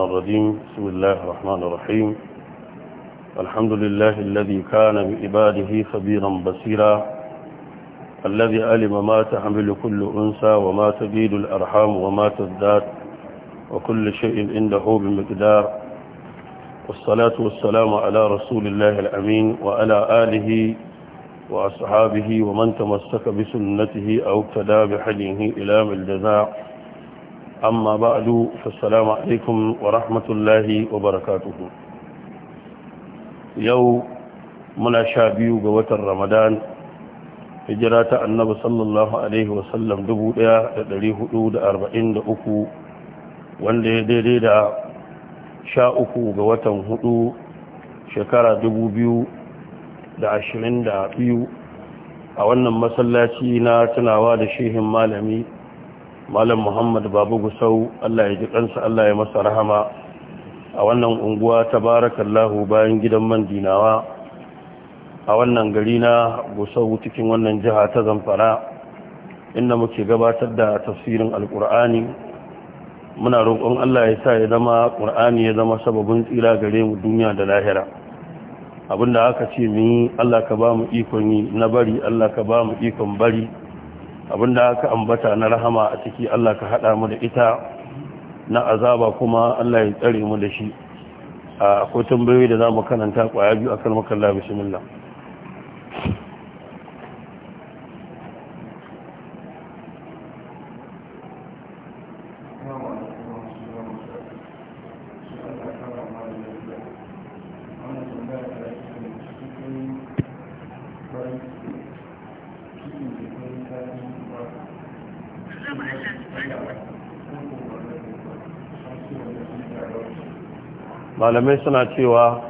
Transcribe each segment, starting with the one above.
الشيطان الرجيم بسم الله الرحمن الرحيم الحمد لله الذي كان بعباده خبيرا بصيرا الذي علم ما تحمل كل أنسى وما تبيد الأرحام وما تزداد وكل شيء عنده بمقدار والصلاة والسلام على رسول الله الأمين وعلى آله وأصحابه ومن تمسك بسنته أو ابتدى بحجه إلى الجزاء amma ba a duk assalamu wa rahmatullahi wa barakatuhu yau muna sha biyu ga watan ramadan hijira ta Annabi sallallahu alaihi wasallam 1443 wanda ya daidai da sha uku ga watan hudu shekara 2022 a wannan masallaci na tunawa da shehin malami malam muhammad babu gusau allah ya ji kansa allah ya masa rahama a wannan unguwa ta barakallahu bayan gidan man dinawa a wannan gari na gusau cikin wannan jiha ta zamfara inda muke gabatar da tafsirin alkur'ani muna roƙon allah ya sa ya zama ƙur'ani ya zama sababin tsira gare mu duniya da lahira abinda aka ce mu yi allah ka ba mu ikon yi na bari allah ka ba mu ikon bari abinda aka ambata na rahama a ciki Allah ka haɗa mu da ita na azaba kuma Allah ya tsare mu da shi akwai tambayoyi da za mu kananta kwaya biyu akan makalla bismillah malamai suna cewa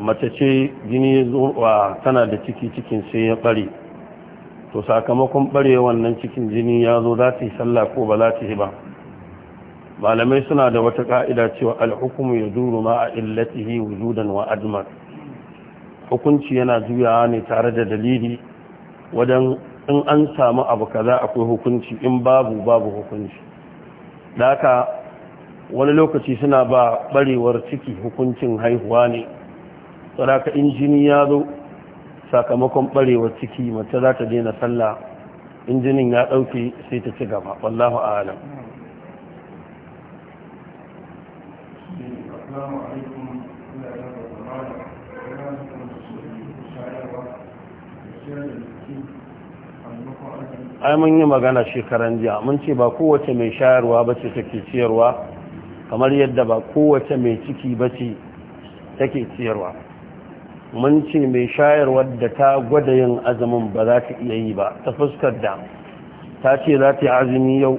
mace ce jini zuwa tana da ciki cikin sai ya bare to sakamakon bare wannan cikin jini ya zo za ta yi sallah ko ba za ta yi ba malamai suna da wata ka'ida cewa al'hukumu ya duru ma a illatihi wujudan wa admar hukunci yana juyawa ne tare da dalili wajen in an samu abu kaza akwai hukunci in babu babu hukunci da haka wani lokaci suna ba barewar ciki hukuncin haihuwa ne tsaraka in jini ya zo sakamakon barewar ciki mace za ta daina sallah injinin ya ɗauke sai ta ci gaba wallahu alam ai mun yi magana shekaran jiya mun ce ba kowace mai shayarwa ba ce take ciyarwa kamar yadda ba kowace mai ciki ba ce take ciyarwa mun ce mai shayarwar da ta gwada yin azumin ba za ta iya yi ba ta fuskar da ta ce za ta yi azumi yau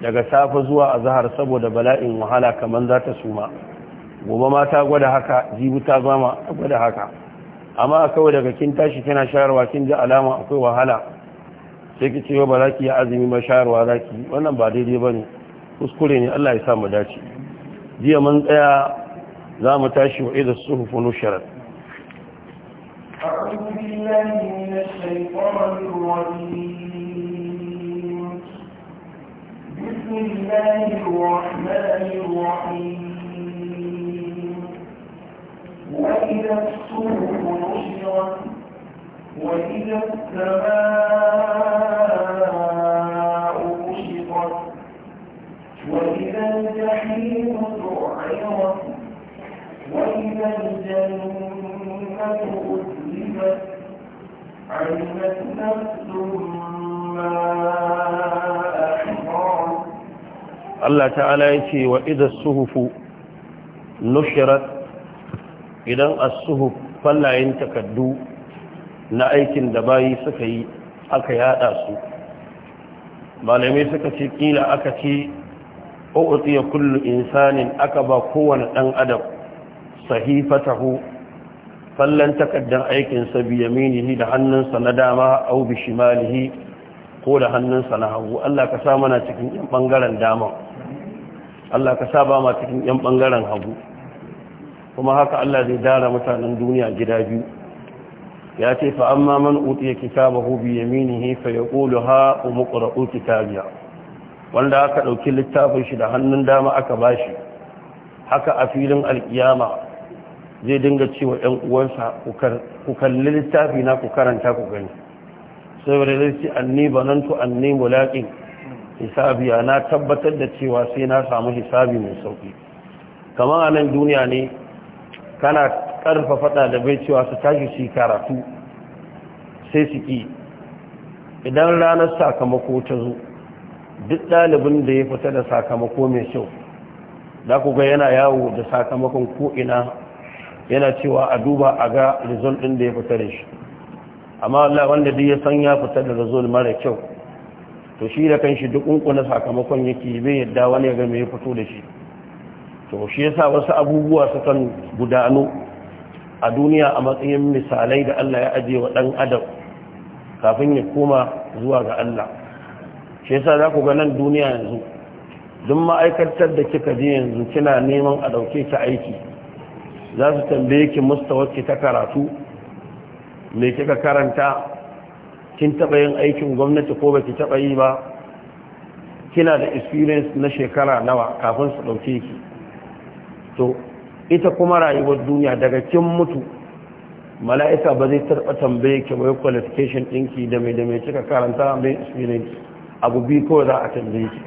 daga safe zuwa a zahar saboda bala'in wahala kamar za ta suma gobe ma ta gwada haka jibu ta zama gwada haka amma kawai daga kin tashi kina shayarwa kin ji alama akwai wahala sai ki ce ba za ki yi azumi ba shayarwa za ki wannan ba daidai ba ne kuskure ne Allah ya sa mu dace jiya mun tsaya za mu tashi wa idan suhufu nusharat وإذا الصحف نشرت وإذا السماء Allah Ta'ala Ya ce wa أحضرت الله تعالى يتي وإذا الصهف نشرت إذا na aikin da bayi suka yi aka yada su malamai suka ce kila aka ce o ya kullu insanin aka ba kowane dan adam sahifatahu fallan takaddan aikinsa bi yaminihi da hannunsa na dama au bi shimalihi ko da hannunsa na hagu Allah ka sa mana cikin yan bangaren dama Allah ka sa ba ma cikin yan bangaren hagu kuma haka Allah zai dara mutanen duniya gida biyu ya ce fa amma man utiya kitabahu bi yaminihi fa yaqulu ha umqra'u kitabiya wanda aka dauki littafin shi da hannun dama aka bashi haka a filin alkiyama zai dinga cewa ‘yan uwansa ku kalli littafi na ku karanta ku gani saboda zai anni banantu anni mulaƙin hisabiya na tabbatar da cewa sai na samu hisabi mai sauƙi kamar a nan duniya ne kana da bai cewa su tashi shi karatu sai su ƙi idan ranar sakamako ta zo duk ɗalibin da ya fita da sakamako mai kyau za ku ga yana yawo da sakamakon ko'ina yana cewa a duba a ga result din da ya fita da shi amma Allah wanda duk ya san ya fita da result mara kyau to shi da kanshi duk kunkuna sakamakon yake bai yadda wani ya ga ya fito da shi to shi yasa wasu abubuwa su kan gudanu a duniya a matsayin misalai da Allah ya aje wa dan adam kafin ya koma zuwa ga Allah shi yasa za ku ga nan duniya yanzu duk ma'aikatar da kika je yanzu kina neman a dauke ki aiki za su tambaye ki mustawarki ta karatu me kika karanta kin taɓa yin aikin gwamnati ko baki taba yi ba kina da experience na shekara nawa kafin su ɗauke ki to ita kuma rayuwar duniya daga kin mutu mala'ika ba zai tarba tambaye ki wai qualification ɗinki da mai da mai kika karanta mai experience abu biyu kawai za a tambaye ki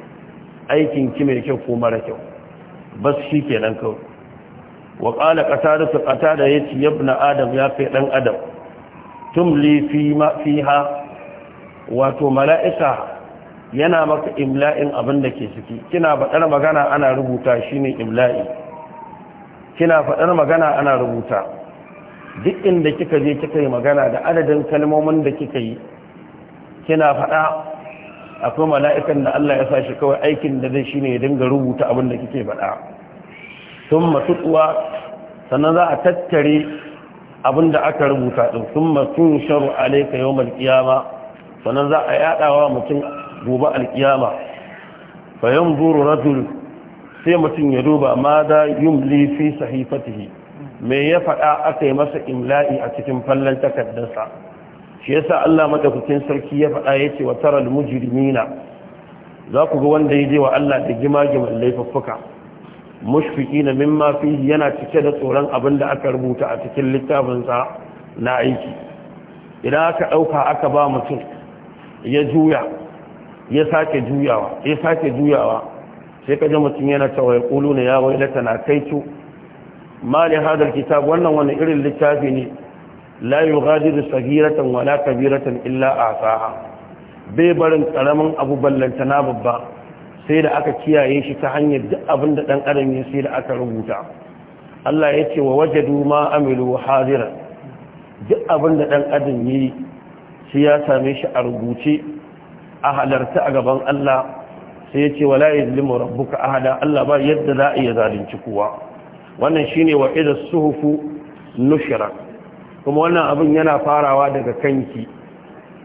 aikin ki mai kyau ko mara kyau bas shi kenan kawai wa qala qatada su qatada ci yabna adam ya fi dan adam tumli fi ma fiha wato mala'ika yana maka imla'in abin da ke ciki kina faɗar magana ana rubuta shine imla'i kina faɗar magana ana rubuta duk inda kika je kika yi magana da adadin kalmomin da kika yi kina faɗa akwai mala'ikan da Allah ya sa shi kawai aikin da zai shine ya dinga rubuta abin da kike faɗa sun matutuwa sannan za a tattare abin da aka rubuta ɗin sun matun sharu alaika yau malkiyama sannan za a yaɗawa mutum gobe alkiyama fayan buru rajul sai mutum ya duba ma da yumli fi sahifatihi me ya faɗa aka yi masa imla'i a cikin fallon takardarsa shi yasa Allah madaukakin sarki ya faɗa ya ce wa taral mujrimina za ku ga wanda ya je wa Allah da gima giman laifuffuka mushfiki na min mafi yana cike da tsoron abin da aka rubuta a cikin littafinsa na aiki idan aka ɗauka aka ba mutum ya juya ya sake juyawa ya sake juyawa sai ka mutum yana cewa ya ƙulu ne ya wai na kai cu mali hadar kitab wannan wani irin littafi ne la yi gadiru sagiratan wala kabiratan illa a asaha bai barin ƙaramin abu ballantana babba sai da aka kiyaye shi ta hanyar duk abin da ɗan adam ya sai da aka rubuta Allah ya ce wa wajadu ma amilu hadiran duk abin da dan adam ya yi shi ya same shi a rubuce a halarta a gaban Allah sai ya ce wala yadlimu rabbuka ahada Allah ba yadda za a iya zalunci kowa wannan shine wa idha suhufu nushra kuma wannan abin yana farawa daga kanki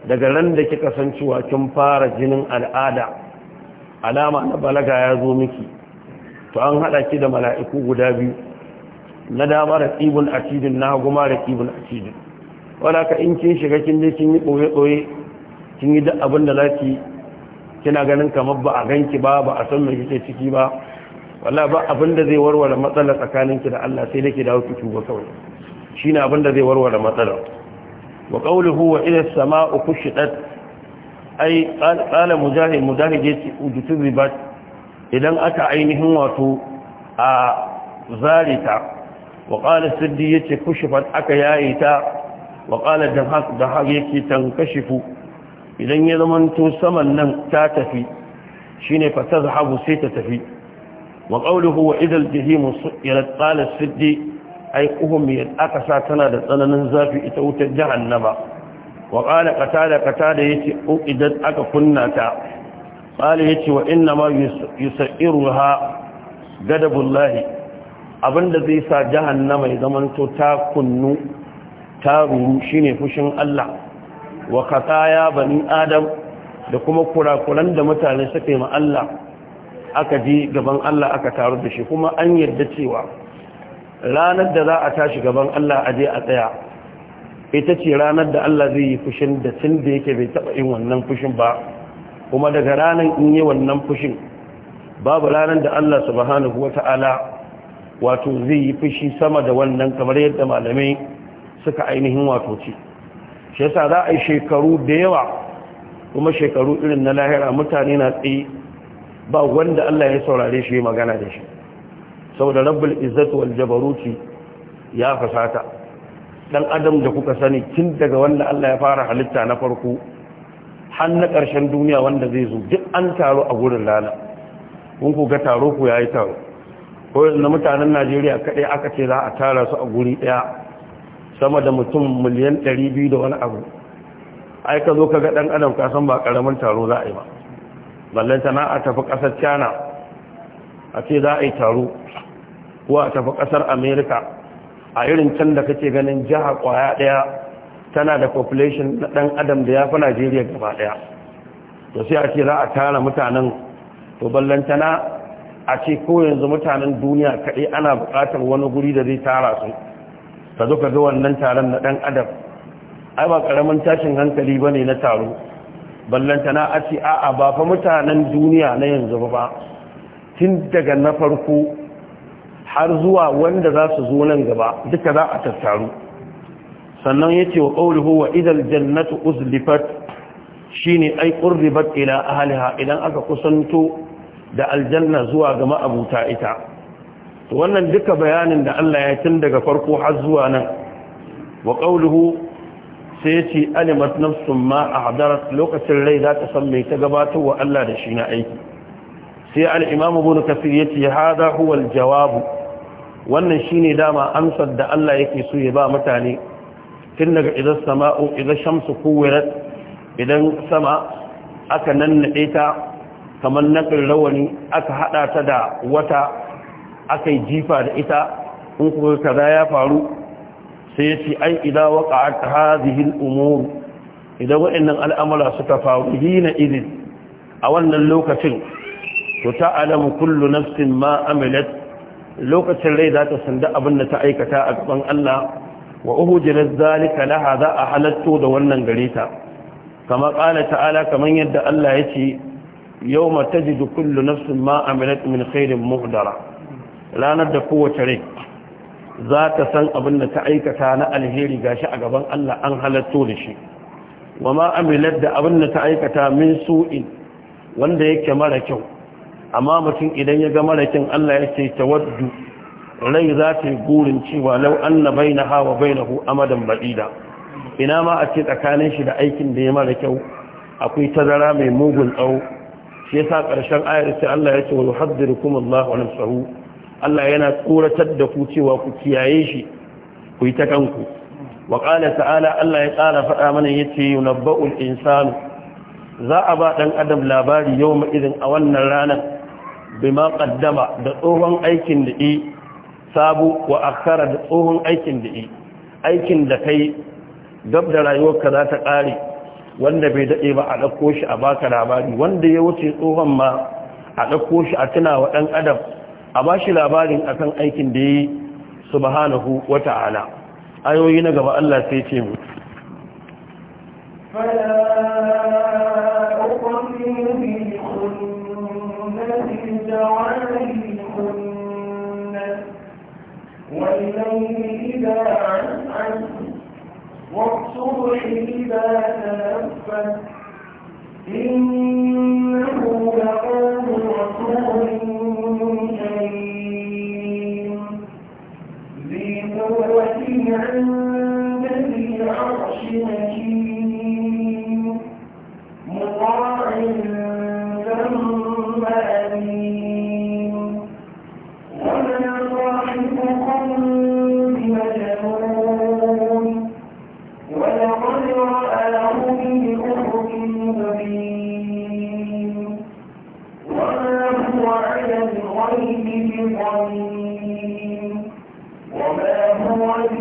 daga ran da kika san cewa kin fara jinin al'ada alama na balaga ya zo miki to an haɗa ki da mala'iku guda biyu na dama da tsibin atidin na goma da tsibin atidin wadda ka in kin shiga kin dai kin yi ɓoye-ɓoye kin yi duk abin da za ki kina ganin kamar ba a ganki ba ba a san mai kike ciki ba wala ba abin da zai warware matsala ki da Allah sai dake dawo ki tuba kawai shine abin da zai warware matsala wa qawluhu wa ila as-sama'u kushidat ai qala mujahid mujahid yace ribat, idan aka ainihin wato a zarita wa qala siddi yace kushifat aka yaye ta wa qala dahaq dahaq yake tankashifu idan ya zamanto saman nan ta tafi shine fa zahabu sai ta tafi wa qawluhu wa idal jahim ila qala siddi ai uhum yad aka sa tana da tsananin zafi ita wutar jahannama wa ƙala ƙata da ƙata da ya ce idan aka kunna ta ƙala ya ce wa inna ma yusa'iru ha gadabullahi abinda zai sa jahannama mai zamanto ta kunnu ta ruru shine fushin Allah wa ya bani adam da kuma kurakuran da mutane suka yi ma Allah aka ji gaban Allah aka taru da shi kuma an yarda cewa ranar da za a tashi gaban Allah a je a tsaya ita ce ranar da Allah zai yi fushin da tun da yake bai taba yin wannan fushin ba kuma daga ranar in yi wannan fushin babu ranar da Allah subhanahu wata'ala wato zai yi fushi sama da wannan kamar yadda malamai suka ainihin wato ce shi yasa za a yi shekaru da yawa kuma shekaru irin na lahira mutane na tsaye ba wanda Allah ya saurare shi magana da shi saboda rabbul izzatu wal jabaruti ya fasata dan adam da kuka sani tun daga wanda Allah ya fara halitta na farko har na ƙarshen duniya wanda zai zo duk an taro a gurin rana kun ku ga taro ku yayi taro ko na mutanen Najeriya kadai aka ce za a tara su a guri daya sama da mutum miliyan 200 da wani abu ai ka zo ka ga dan adam ka san ba karamin taro za a yi ba mallan sana'a a tafi kasar China a ce za a yi taro ko a tafi kasar America a irin can da kake ganin jihar kwaya daya tana da population na dan adam da ya fi najeriya gaba daya to sai a za a tara mutanen to ballantana a ce ko yanzu mutanen duniya kaɗai ana buƙatar wani guri da zai tara su ka zo ka ga wannan taron na dan adam ai ba ƙaramin tashin hankali ba ne na taro ballantana a ce a'a ba fa mutanen duniya na yanzu ba tun daga na farko har zuwa wanda za su zo nan gaba duka za a tattaru sannan ya ce wa ƙauluhu wa idan jannatu uzlifat shi ne ai ƙurribat ila ahaliha idan aka kusanto da aljanna zuwa ga ma'abuta ita wannan duka bayanin da Allah ya tun daga farko har zuwa nan wa ƙauluhu sai ya ce alimat nafsun ma a hadarat lokacin rai za ta san mai ta gabatar wa Allah da shi na aiki sai al'imamu bunu kafir ya ce haza huwal jawabu wannan shine dama amsar da Allah yake so ya ba mutane tun daga idan sama'u idan shamsu kuwirat idan sama aka nannaɗe ta kamar naƙin rawani aka haɗa ta da wata aka yi jifa da ita in kuma kaza ya faru sai ya ce ai idan waka ta hazihin umaru idan waɗannan al'amura suka faru hina izin a wannan lokacin ku ta alamu kullu nafsin ma amilat lokacin rai za ta sanda abin da ta aikata a gaban Allah wa uhujirat zalika laha za a halatto da wannan gare ta kama ta'ala kaman yadda Allah yace yawma tajidu dukullu nafsin ma amilat min khairin muhdara ranar da kowace rai za ta san abin da ta aikata na alheri gashi a gaban Allah an halatto da shi wa ma amilat da abin da ta aikata min su'in wanda yake mara kyau amma mutum idan ya ga marakin Allah ya ce waddu rai za ta yi gurin cewa lau an na bai na hawa bai na hu amadan baɗida ina ma a ce tsakanin shi da aikin da ya mara kyau akwai tazara mai mugun tsawo shi yasa ƙarshen ayar ce Allah ya ce wa kuma Allah wani nafsuhu Allah yana tsoratar da ku cewa ku kiyaye shi ku yi ta kanku wa qala ta'ala Allah ya tsara faɗa mana ya ce yunabba'ul insanu za a ba ɗan adam labari yawma irin a wannan ranar bima qaddama da tsohon aikin da yi sabu wa akhara da tsohon aikin da yi aikin da kai gab da rayuwarka za ta kare wanda bai daɗe ba a dauko shi a baka labari wanda ya wuce tsohon ma a dauko shi a tuna wa dan adam a ba shi labarin akan aikin da yi subhanahu wata'ala ayoyi na gaba Allah sai ce mu فلا أقسم بالخلق عليهن والليل إذا عسعس والصبح إذا تنفس إنه لقول رسول كريم ذي قوة عند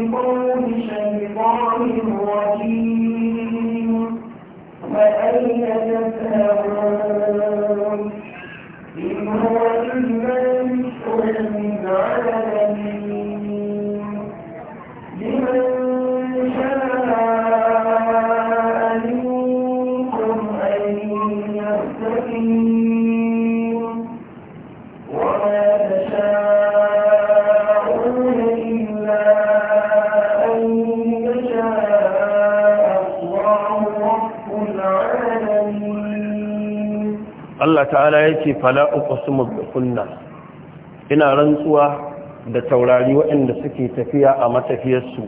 before ce fala uqsimu bikunna ina rantsuwa da taurari waɗanda suke tafiya a matafiyarsu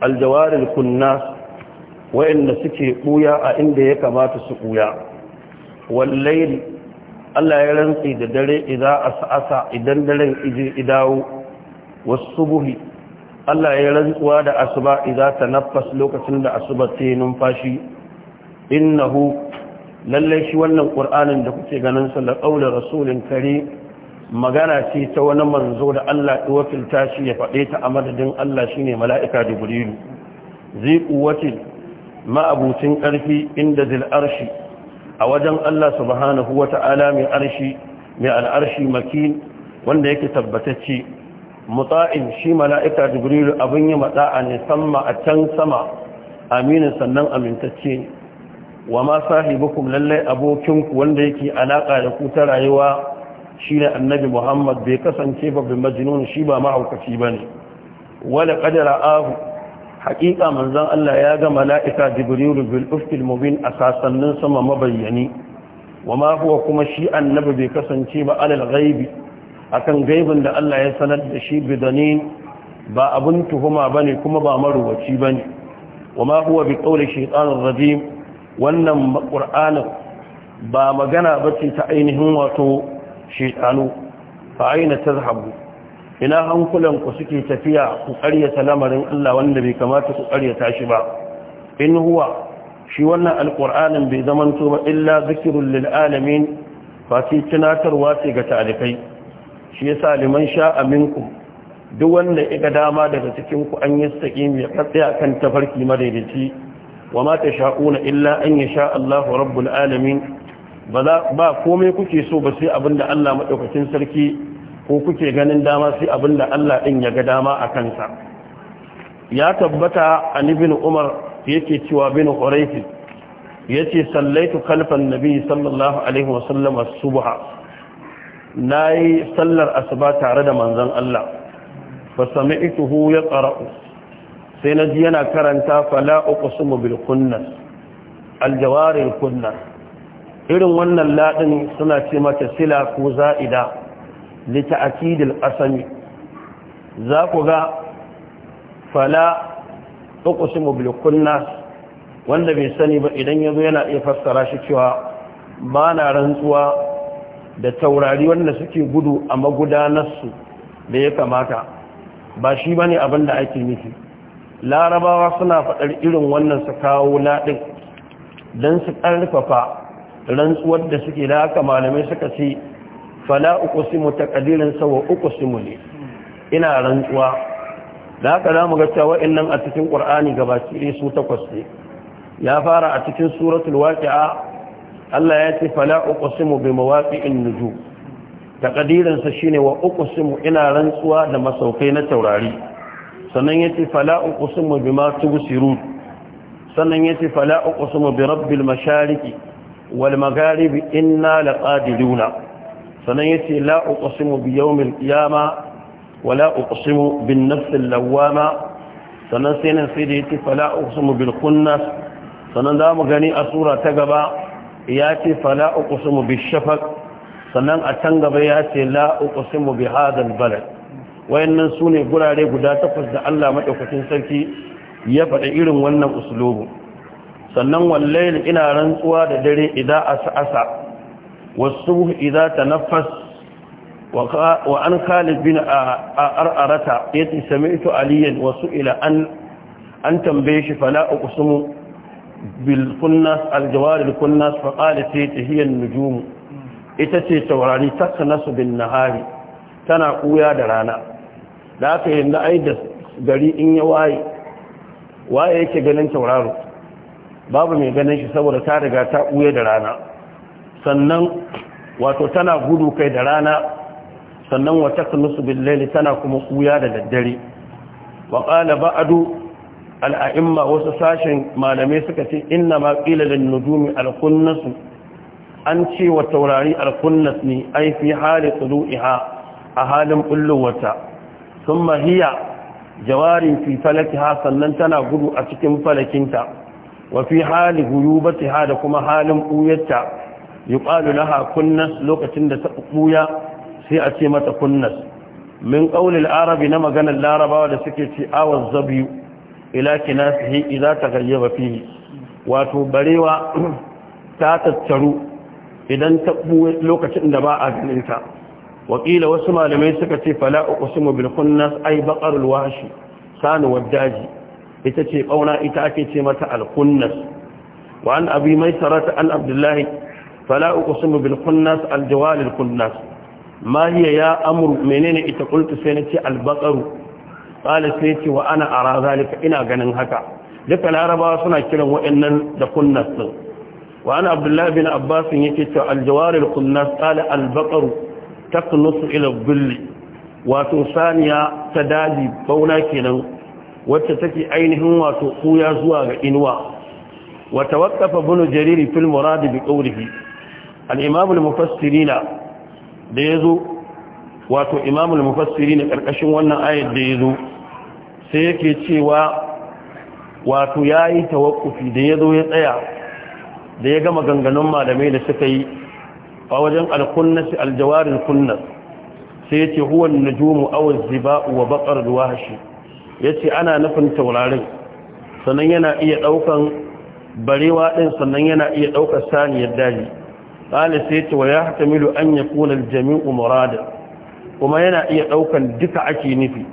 Aljawarin kunna waɗanda suke ɓuya a inda ya kamata su ɓuya wallaili Allah ya rantsi da dare idan as'asa idan daren ije idawo subuhi Allah ya rantsuwa da asuba idan nafas lokacin da asubar ta numfashi innahu lallai shi wannan ƙur'anin da kuke ganin sa da ƙaunar rasulun kare magana ce ta wani manzo da Allah ya wakilta shi ya faɗe ta a madadin Allah ne mala'ika jibrilu zai kuwace ma'abucin ƙarfi inda zil arshi a wajen Allah subhanahu wata'ala mai arshi mai al'arshi makin wanda yake tabbatacce mutsa'in shi mala'ika jibrilu abin yi matsa'a ne sama a can sama aminin sannan amintacce ne wa ma sahibukum lallai abokinku wanda yake alaka da ku ta rayuwa shine annabi Muhammad bai kasance ba bi majnun shi ba mahaukaci bane wala qad ahu. haqiqa manzon Allah ya ga mala'ika Jibril bil ufqil mubin asasannin sama mabayyani ma huwa kuma shi annabi bai kasance ba alal ghaibi akan gaibin da Allah ya sanar da shi bidanin ba abun tuhuma bane kuma ba maruwaci bane ma huwa bi qawli shaytanir rajim wannan ƙur'anin ba magana ba ce ta ainihin wato shaitanu fa aina zahabu. ina hankulan ku suke tafiya ku ƙaryata lamarin Allah wanda bai kamata ku ƙaryata shi ba in huwa shi wannan alƙur'anin bai zamanto ba illa zikirin lil alamin tunatarwa ce ga talikai shi yasa liman sha minkum duk wanda ya ga dama daga cikin ku an yi saƙi mai katsaya kan tafarki madaidaici wa mata sha'una illa an sha Allahu rabbul alamin ba komai kuke so ba sai abinda Allah madaukakin sarki ko kuke ganin dama sai abinda Allah din ya ga dama a kansa ya tabbata an ibn Umar yake cewa bin Hurayth yace sallaitu khalfan nabi sallallahu alaihi wasallam as-subha nayi sallar asuba tare da manzon Allah fa sami'tuhu yaqra'u sai na ji yana karanta fala uqsimu bil kunnas al jawaril irin wannan ladin suna ce mata sila ko za'ida li ta'kidil qasami za ku ga fala uqsimu bil kunnas wanda bai sani ba idan yazo yana iya fassara shi cewa ba na rantsuwa da taurari wanda suke gudu a magudanarsu da ya kamata ba shi ne abin da ake nufi larabawa suna faɗar irin wannan su kawo naɗin don su ƙarfafa rantsuwar da suke da haka malamai suka ce fala uku simu ta ƙadirin sawa uku simu ne ina rantsuwa da haka za mu ga cewa a cikin ƙur'ani gabaki ɗaya su takwas ne ya fara a cikin suratul waqi'a Allah ya ce fala uqsimu bi mawaqi'in nujum taqdirin sa shine wa uqsimu ina rantsuwa da masaukai na taurari sannan ya ce fala'u ƙusumu bi masu gusiru sannan ya ce fala'u ƙusumu bi rabbil mashariki wal magaribi inna laƙadiruna sannan ya ce la'u ƙusumu bi yawmin ƙiyama wa la'u ƙusumu bin nafsin lawama sannan sai nan sai da ya ce fala'u ƙusumu bil kunnas sannan za mu gani a sura ta gaba ya ce fala'u ƙusumu bi shafak sannan a can gaba ya ce la'u ƙusumu bi hadal balad wayannan su ne gurare guda takwas da Allah maɗaukacin sarki ya faɗa irin wannan usulubu sannan wallahi ina rantsuwa da dare idan asa asa wasu idan tanaffas wa an Khalid bin ar'arata yace sami'tu aliyan wasu ila an an tambaye shi fala uqsimu bil kunnas al jawar al kunnas fa qalat hiya nujum ita ce taurari su bin nahari tana kuya da rana da aka yi da aida gari in ya waye waye yake ganin tauraro babu mai ganin shi saboda ta riga ta ɓuye da rana sannan wato tana gudu kai da rana sannan wata kanusu billali tana kuma ɓuya da daddare wa ƙala ba'adu al'a'imma wasu sashen malamai suka ce inna ma ƙila da nujumi alkunnasu an ce wa taurari alkunnas ne ai fi hali iha, a halin wata. sun mahiya jawarin fi falakiha sannan tana gudu a cikin falakinta wafi fi hali ha da kuma halin ɓuyarta yi ƙwalu laha kunnas lokacin da ta buya sai a ce mata kunnas min ƙaunin arabi na maganar larabawa da suke ce awon zabiyu ila kinasihi ta taghayyaba fihi wato barewa ta tattaru idan ta lokacin da ba a ganin wakila wasu malamai suka ce fala uqsimu bil khunnas ay baqarul wahshi sanu daji. ita ce kauna ita ake ce mata al khunnas wa an abi maisarata an abdullahi fala uqsimu bil khunnas al Kunnas. ma hiya ya amru menene ita kultu sai nace al baqaru qala sai ce wa ana ara zalika ina ganin haka duka larabawa suna kiran wa'annan da khunnas wa an abdullahi bin abbas yake cewa al jawal al khunnas taqnusu ila billi wato saniya ta daji bauna kenan wacce take ainihin wato kuya zuwa ga inuwa Wata tawaqqafa bunu jariri fil murad bi qawlihi al imam al mufassirin da yazo wato imam al mufassirin karkashin wannan ayat da yazo sai yake cewa wato yayi tawakkufi da yazo ya tsaya da ya gama ganganun malamai da suka yi a wajen alkunnasi aljawarin kunnas sai ya ce huwan najumu awon ziba'u wa bakar duwashi ya ce ana nufin taurarin sannan yana iya ɗaukan barewa ɗin sannan yana iya ɗaukar saniyar daji ƙali sai ce wa ya hatamilu an ya kunan jami'u murada kuma yana iya ɗaukan duka ake nufi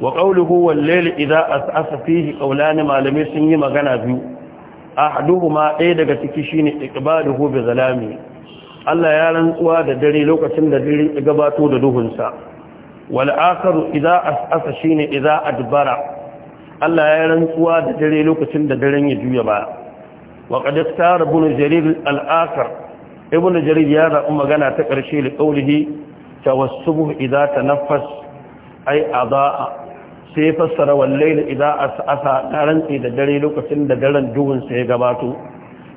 wa ƙauluhu wallele idan asa fihi ƙaulani malamai sun yi magana biyu a haduhu ma ɗaya daga ciki shine iqbaluhu bi zalami Allah ya rantsuwa da dare lokacin da dare ya gabato da duhunsa wal akharu idza as'asa shine idza adbara Allah ya rantsuwa da dare lokacin da daren ya juya ba wa qad ikhtara ibn jarir al akhar ibn jarir ya da magana ta karshe li qawlihi tawassubu idza tanaffas ay adaa sai fassara wal layl idza as'asa rantsi da dare lokacin da daren duhunsa ya gabato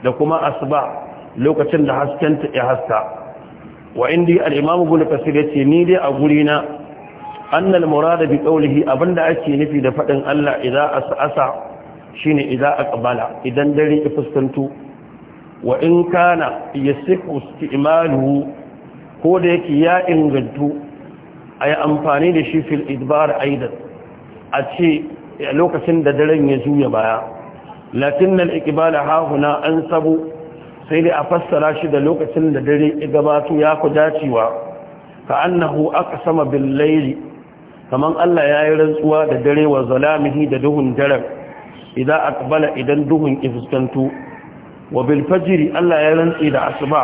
da kuma asba lokacin da haskenta ya haska wa indi al-imam ibn kasir yace ni dai a guri na annal murada bi qawlihi abinda ake nufi da fadin Allah idza as'asa shine idza aqbala idan dare ya fuskanto wa in kana yasihu istimaluhu ko da yake ya ingantu ayi amfani da shi fil idbar aidan a ce lokacin da daren ya juya baya lakin al-iqbala ha huna an sai dai a fassara shi da lokacin da dare ya gabato ya ku dacewa ka annahu aqsama bil layli Kamar Allah ya yi rantsuwa da dare wa zalamihi da duhun daren idan aqbala idan duhun ifiskantu wa bil fajri Allah ya rantsi da asuba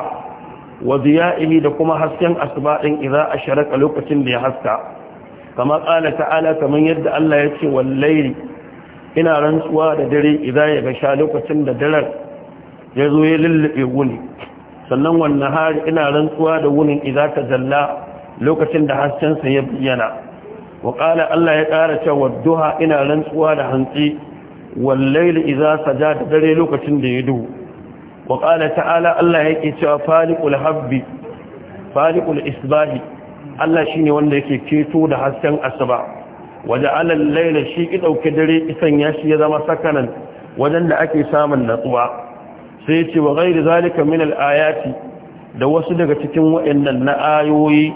wa diya'ihi da kuma hasken asuba din idan asharaka lokacin da ya haska kama qala ta'ala kaman yadda Allah ya ce wal ina rantsuwa da dare idan ya ga sha lokacin da daren ya zo ya lullube wuni sannan wannan hari ina rantsuwa da wunin idan ta zalla lokacin da haskensa ya bayyana wa Allah ya ƙara cewa duha ina rantsuwa da hantsi wallaili idan saja da dare lokacin da ya duhu wa ƙala ta'ala Allah ya ke cewa faliqul habbi faliqul isbahi Allah shine wanda yake keto da hasken asuba Waje al-layla shi ki dauke dare isan ya shi ya zama sakanan wajen da ake samun natsuwa sai ce wa gairi zalika min al da wasu daga cikin wa'annan na ayoyi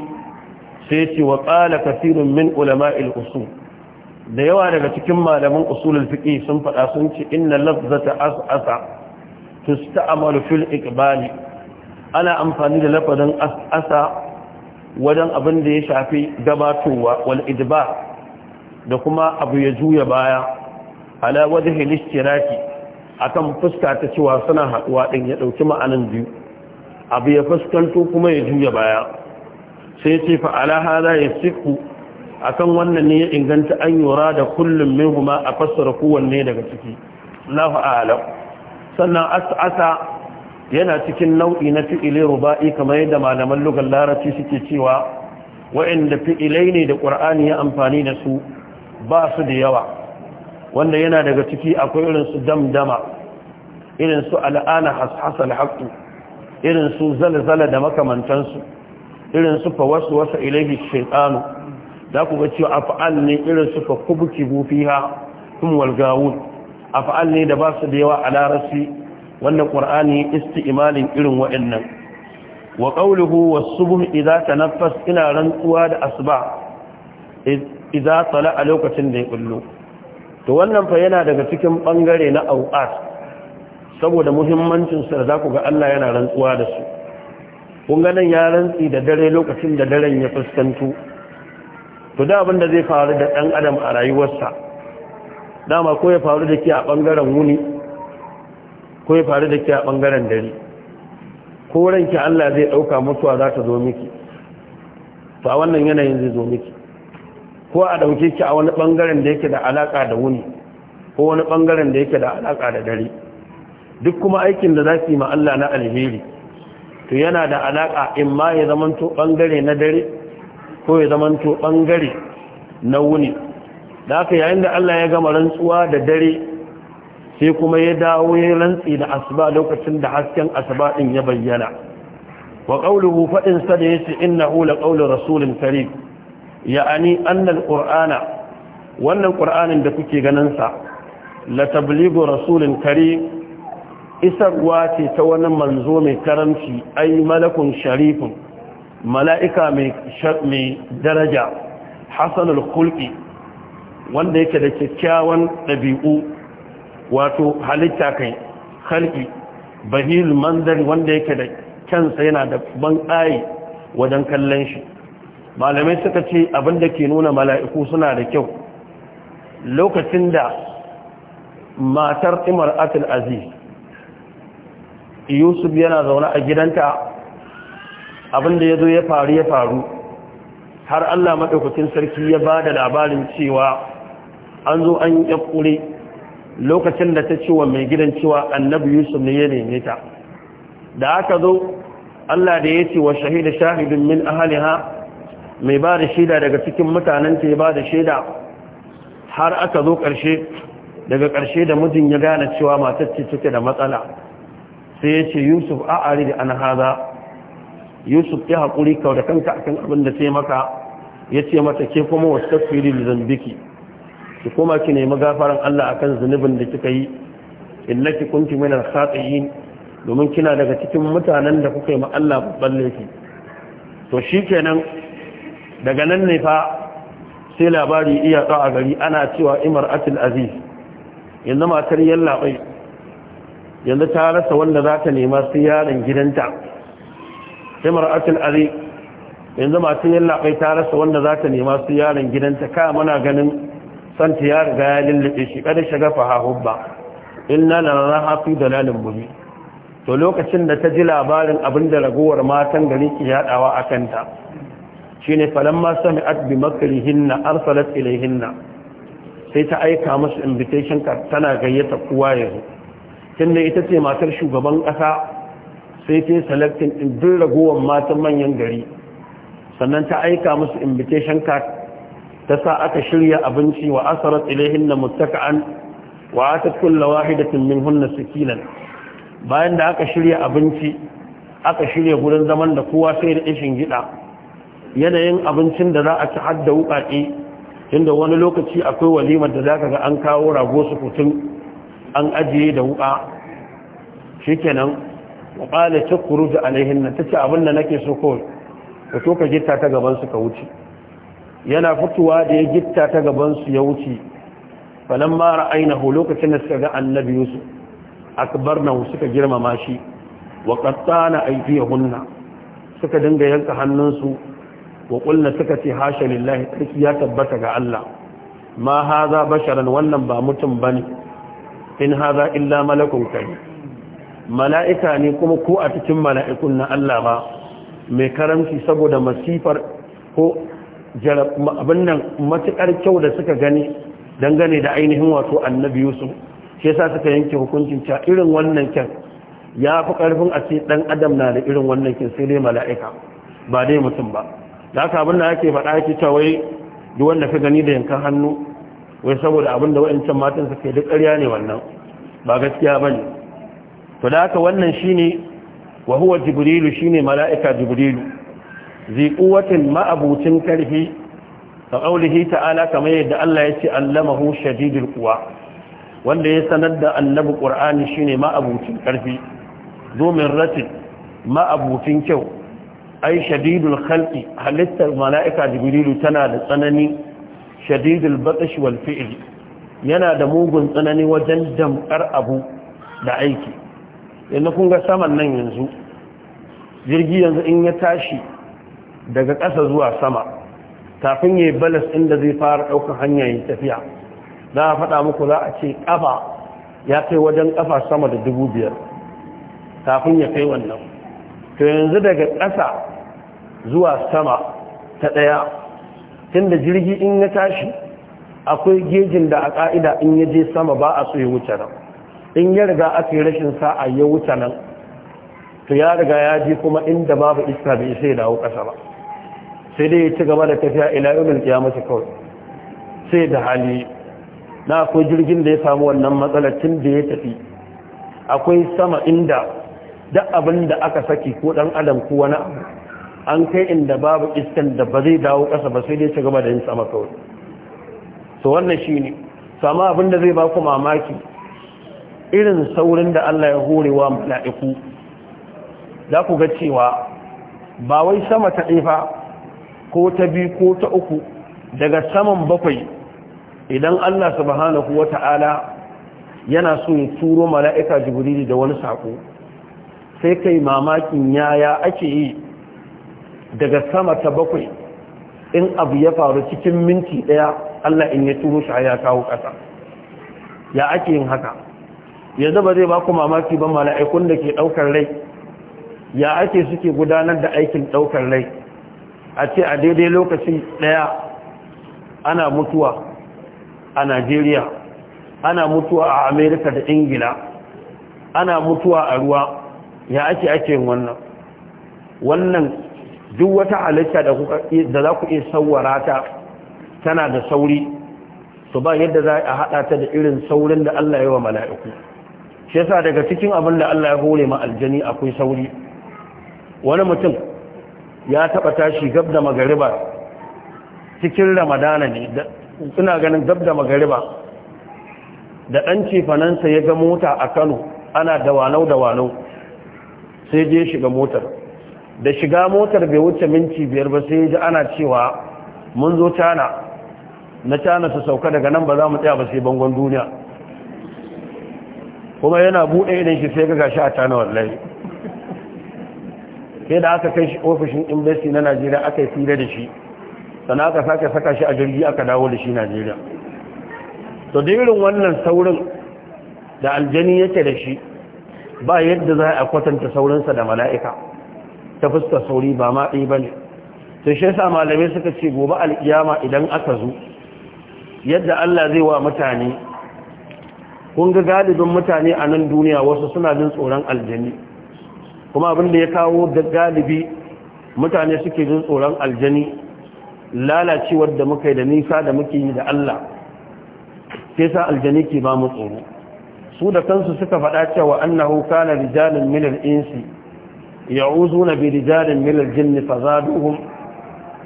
sai ce wa qala kathirun min ulama'il usul da yawa daga cikin malaman usulul fiƙi sun faɗa sun ce inna lafzata as'asa tusta'malu fil iqbali ana amfani da lafazin as'asa wajen abin da ya shafi gabatowa wal idbar da kuma abu ya juya baya ala wajhi al akan fuska ta cewa suna haɗuwa ɗin ya ɗauki ma'anan biyu abu ya fuskanto kuma ya juya baya sai ce fa alaha za ya siku akan wannan ne ya inganta an yura da kullum min huma a fassara kowanne daga ciki lahu alam sannan as'asa yana cikin nau'i na fi'ile ruba'i kamar yadda malaman Lugan larabci suke cewa wa'anda fi'ilai ne da ƙur'ani ya amfani da su ba su da yawa wanda yana daga ciki akwai irin su damdama irin su al'ana hashasal haqqu irin su zalzala da makamantansu irin su fa wasu wasa ilaihi shaytanu za ku ga cewa af'al ne irin su fa kubkibu fiha hum walgawun, af'al ne da ba su da yawa a larasi wanda qur'ani isti'malin irin waɗannan wa qawluhu was-subh idza tanaffas ila rantsuwa da asba idza tala a lokacin da ya kullu to wannan fa yana daga cikin bangare na auqat saboda muhimmancin sa da zaku ga Allah yana rantsuwa da su kun ga nan ya rantsi da dare lokacin da daren ya fuskanto to da abin da zai faru da dan adam a rayuwarsa dama ko ya faru da ke a bangaren wuni ko ya faru da ke a bangaren dare ko ranki Allah zai dauka mutuwa za ta zo miki to a wannan yanayin zai zo miki ko a ɗauke ki a wani ɓangaren da yake da alaƙa da wuni ko wani ɓangaren da yake da alaƙa da dare duk kuma aikin da za su ma Allah na alheri to yana da alaƙa in ma ya zamanto ɓangare na dare ko ya zamanto ɓangare na wuni da haka yayin da Allah ya gama rantsuwa da dare sai kuma ya dawo ya rantsi da asuba lokacin da hasken asuba din ya bayyana wa qawluhu fadin sa da yace innahu la qawlu rasulin karim ya'ani annal qur'ana wannan qur'anin da kuke ganin sa la tabligu rasulin isarwa ce ta wani manzo mai karamci ai malakun sharifin mala'ika mai daraja hasanul kulki wanda yake da kyakkyawan ɗabi'u wato halitta kai halki bahil mandari wanda yake da kyansa yana da ban ƙayi wajen kallon shi malamai suka ce abinda ke nuna mala'iku suna da kyau lokacin da matar imar atul aziz yusuf yana zaune a gidanta abin da ya zo ya faru ya faru har allah maɗaukacin sarki ya ba da labarin cewa an zo an yi ƙure lokacin da ta cewa mai gidan cewa annabi yusuf ne ya neme ta da aka zo allah da ya ce wa shahida shahidun min ahaliha mai ba da shaida daga cikin mutanen ta ya ba da shaida har aka zo ƙarshe daga ƙarshe da mijin ya gane cewa matar ce take da matsala sai ya ce yusuf a ari da an haza yusuf ya haƙuri kau da kanka akan abin da sai maka ya ce mata ke kuma wasu tafiri da zambiki ki koma ki nemi gafaran allah akan zunubin da kika yi innaki kunti min al domin kina daga cikin mutanen da kuka yi ma Allah babban laifi to shikenan daga nan ne fa sai labari iya a gari ana cewa imar atil aziz yanzu matar yallaɓai yanzu ta rasa wanda za ta nema su yaron gidanta imar atil aziz yanzu matar yallaɓai ta rasa wanda za ta nema su yaron gidanta ka mana ganin santa ya riga ya lullube shi kada shiga hahubba inna na rana hafi da lalin to lokacin da ta ji labarin abin da ragowar matan gari ke yadawa a kanta shine falamma sami'at bi makrihinna arsalat ilayhinna sai ta aika musu invitation card tana gayyata kowa ya zo tunda ita ce matar shugaban kasa sai ta selecting din ragowar matan manyan gari sannan ta aika musu invitation card ta sa aka shirya abinci wa asarat ilayhinna muttaka'an wa atat kullu wahidatin minhunna sakinan bayan da aka shirya abinci aka shirya gurin zaman da kowa sai da ishin gida yanayin abincin da za a ci har wukaki inda wani lokaci akwai walimar da za ka ga an kawo rago su kutun an ajiye da wuka shi kenan waƙala ta kuru da alaihin nan ta ce abin da nake so ko ka so ka gita ta gabansu ka wuce yana fitowa da ya gita ta gabansu ya wuce falon mara ainihu lokacin da suka ga annabi yusuf akbar nan suka girmama shi wa na aiki ya hunna suka dinga yanka hannunsu wa kulna suka ce hasha lillahi tsarki ya tabbata ga Allah ma haza basharan wannan ba mutum bane in haza illa malakun kai mala'ika ne kuma ko a cikin mala'ikun na Allah ba mai karamci saboda masifar ko abin nan matukar kyau da suka gani dangane da ainihin wato annabi Yusuf shi yasa suka yanke hukuncin cewa irin wannan kyan ya fi karfin a ce dan adam na da irin wannan kyan sai dai mala'ika ba dai mutum ba da aka abinda ake faɗa ake cewa wai duk wanda ka gani da yankan hannu wai saboda abin da wa'ancan matan suke duk ƙarya ne wannan ba gaskiya bane ne to da aka wannan shine wa huwa jibrilu shine mala'ika jibrilu zai kuwatin ma'abucin karfi ka ƙaulihi ta'ala kamar yadda Allah ya ce allamahu shadidul quwa wanda ya sanar da annabi qur'ani shine ma'abucin karfi domin ratin ma'abucin kyau ai shadidul khalqi halittar mala'ika jibrilu tana da tsanani shadidul batsh wal fi'l yana da mugun tsanani wajen damkar abu da aiki yanzu kun ga saman nan yanzu jirgi yanzu in ya tashi daga ƙasa zuwa sama kafin yayi balas inda zai fara daukar hanya yin tafiya a faɗa muku za a ce ƙafa ya kai wajen ƙafa sama da dubu biyar kafin ya kai wannan to yanzu daga ƙasa zuwa sama ta ɗaya tunda jirgi in ya tashi akwai gejin da a ƙa'ida in ya je sama ba a so ya wuce nan in ya riga aka yi rashin sa'a ya wuce nan to ya riga ya je kuma inda babu iska bai sai dawo ƙasa ba sai dai ya ci gaba da tafiya ila yau mace kawai sai da hali na akwai jirgin da ya samu wannan matsalar tun da ya tafi akwai sama inda duk abin da aka saki ko ɗan adam ko wani abu an kai inda babu iskan da ba zai dawo ƙasa ba sai dai ci gaba da yin sama kawai to wannan shi ne sama abin da zai ba ku mamaki irin saurin da Allah ya hore wa mala'iku za ku ga cewa ba wai sama ta ɗefa ko ta biyu ko ta uku daga saman bakwai idan Allah subhanahu wa ta'ala yana so ya turo mala'ika jibrili da wani sako sai kai mamakin yaya ake yi daga sama ta bakwai in abu ya faru cikin minti daya Allah in ya turo shi ya kawo ƙasa ya ake yin haka yanzu ba zai baku mamaki ba mala'ikun da ke ɗaukar rai ya ake suke gudanar da aikin ɗaukar rai a ce a daidai lokaci ɗaya ana mutuwa a najeriya ana mutuwa a amerika da ingila ana mutuwa a ruwa ya ake ake wannan wannan duk wata halitta da za ku iya sauwara ta tana da sauri su ba yadda za a haɗa ta da irin saurin da Allah ya wa mala'iku shi yasa daga cikin abin da Allah ya hore ma aljani akwai sauri wani mutum ya taɓa tashi gab da magariba cikin ramadana ne suna ganin gab da magariba da ɗan cefanansa ya ga mota a kano ana dawanau-dawanau sai je shiga motar da shiga motar bai wuce minti biyar ba sai ji ana cewa mun zo cana na cana su sauka daga nan ba za mu tsaya ba sai bangon duniya kuma yana buɗe idan shi sai gaga shi a cana wallahi sai da aka kai shi ofishin embassy na najeriya aka yi fira da shi sannan aka sake saka shi a jirgi aka dawo da shi najeriya to da irin wannan saurin da aljani yake da shi ba yadda za a kwatanta saurinsa da mala'ika ta fuskar sauri ba ma ɗaya ba ne ta shi yasa malamai suka ce gobe alkiyama idan aka zo yadda Allah zai wa mutane kun ga galibin mutane a nan duniya wasu suna jin tsoron aljani kuma abin da ya kawo da galibi mutane suke jin tsoron aljani lalacewar da muka yi da nisa da muke yi da Allah sai sa aljani ke ba mu tsoro su da kansu suka faɗa cewa annahu kana rijalun min al-insi يعوذون برجال من الجن فزادوهم jinni fazaduhum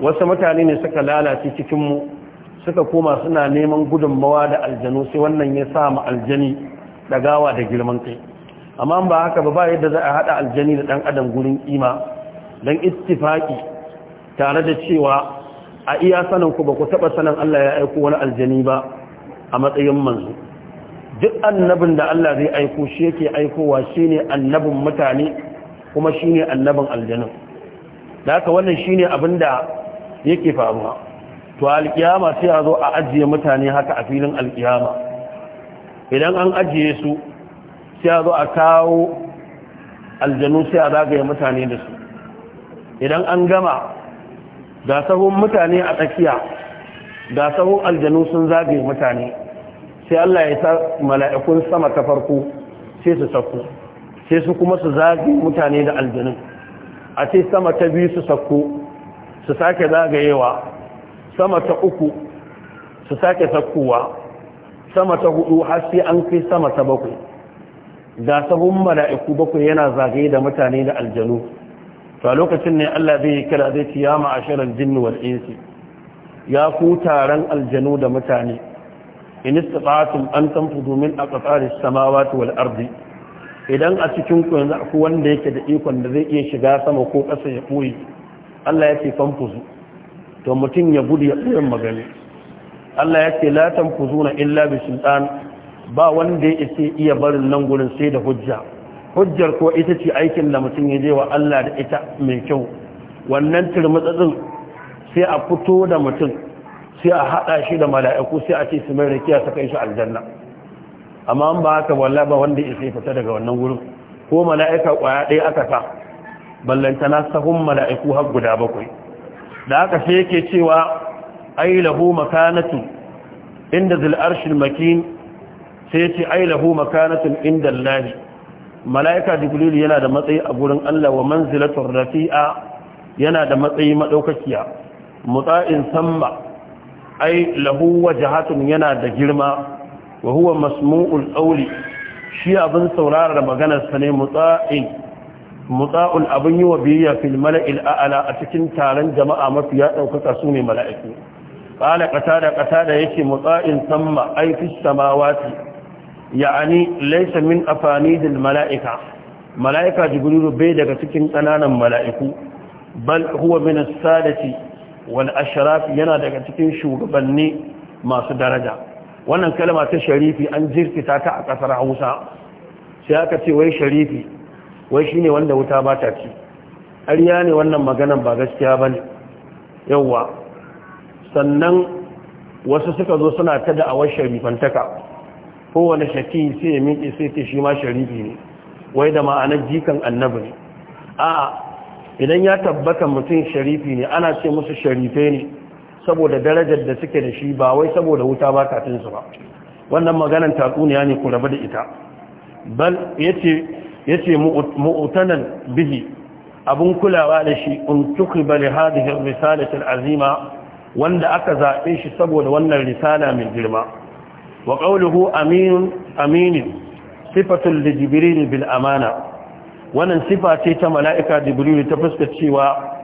wasu mutane ne suka lalace cikin mu suka koma suna neman gudunmawa da aljanu sai wannan ya sa mu aljani dagawa da girman kai amma ba haka ba ba yadda za a hada aljani da dan adam gurin kima dan ittifaki tare da cewa a iya sanin ku ba ku taba sanin Allah ya aiko wani aljani ba a matsayin manzo duk annabin da Allah zai aiko shi yake aikowa shine annabin mutane kuma shi ne annabin aljanun da haka wannan shi ne abin da yake faruwa to alkiyama sai a zo a ajiye mutane haka a filin alkiyama idan an ajiye su sai a zo a kawo aljanu sai a zagaye mutane da su idan an gama ga sahun mutane a tsakiya ga sahun aljanu sun zagaye mutane sai Allah ya sa mala'ikun sama ta farko sai su sauko sai su kuma su zagi mutane da aljanin a ce sama ta biyu su sako, su sake zagayewa sama ta uku su sake sakkowa sama ta hudu har sai an kai sama ta bakwai da sabon mala'iku bakwai yana zagaye da mutane da aljanu to lokacin ne Allah zai kira zai ci ya ma'asharar jinni wal insi ya ku taron aljanu da mutane in istata'atum an tanfudu min aqtaris samawati wal ardi idan a cikin ku yanzu akwai wanda yake da ikon da zai iya shiga sama ko ƙasa ya koyi Allah ya ce fanfuzu to mutum ya gudu ya tsoron magani Allah ya ce la tanfuzuna illa bi sultan ba wanda ya ce iya barin nan gurin sai da hujja hujjar ko ita ce aikin da mutum ya je wa Allah da ita mai kyau wannan turmutsatsin sai a fito da mutum sai a haɗa shi da mala'iku sai a ce su mai rakiya su kai shi aljanna amma an ba haka walla ba wanda ya sai fita daga wannan wurin. ko mala'ika kwaya ɗaya aka sa ballantana sahun mala'iku har guda bakwai da aka sai yake cewa ai lahu makanatu inda zil arshil makin sai ce ai lahu makanatun inda lahi mala'ika jibril yana da matsayi a gurin Allah wa manzilatun rafi'a yana da matsayi madaukakiya mutsain samma ai lahu wajhatun yana da girma wa huwa masmu'ul qawli shi abin saurara da maganar sa ne mutsa'in mutsa'ul abin yi wa biyya fil mala'il a'ala a cikin taron jama'a mafi ya daukaka su ne mala'iku qala qatada qatada yake mutsa'in samma ay fi samawati ya'ani laysa min afanidil mala'ika mala'ika jibrilu bai daga cikin kananan mala'iku bal huwa min as-sadati wal ashraf yana daga cikin shugabanni masu daraja wannan kalma ta sharifi an jirkita ta a kasar hausa sai aka ce wai sharifi wai shine wanda wuta ba ta ci Ariya ne wannan maganan ba gaskiya ba ne yauwa sannan wasu suka zo suna ta da da'awar sharifantaka kowane shaki sai ya miƙe sai ta shi ma sharifi ne wai da ma'anar jikan annabi ne a'a idan ya tabbata mutum sharifi ne ana ce musu sharife ne saboda darajar da suke da shi ba wai saboda wuta ba katinsu ba wannan maganan tatsuniya ne ku rabu da ita bal ya ce mu'utanan bihi abin kulawa da shi in tuki bali hadihin risalatul azima wanda aka zaɓe shi saboda wannan risala mai girma wa ƙauluhu aminin sifatun da jibirin bil amana wannan sifa ce ta mala'ika jibirin ta fuskar cewa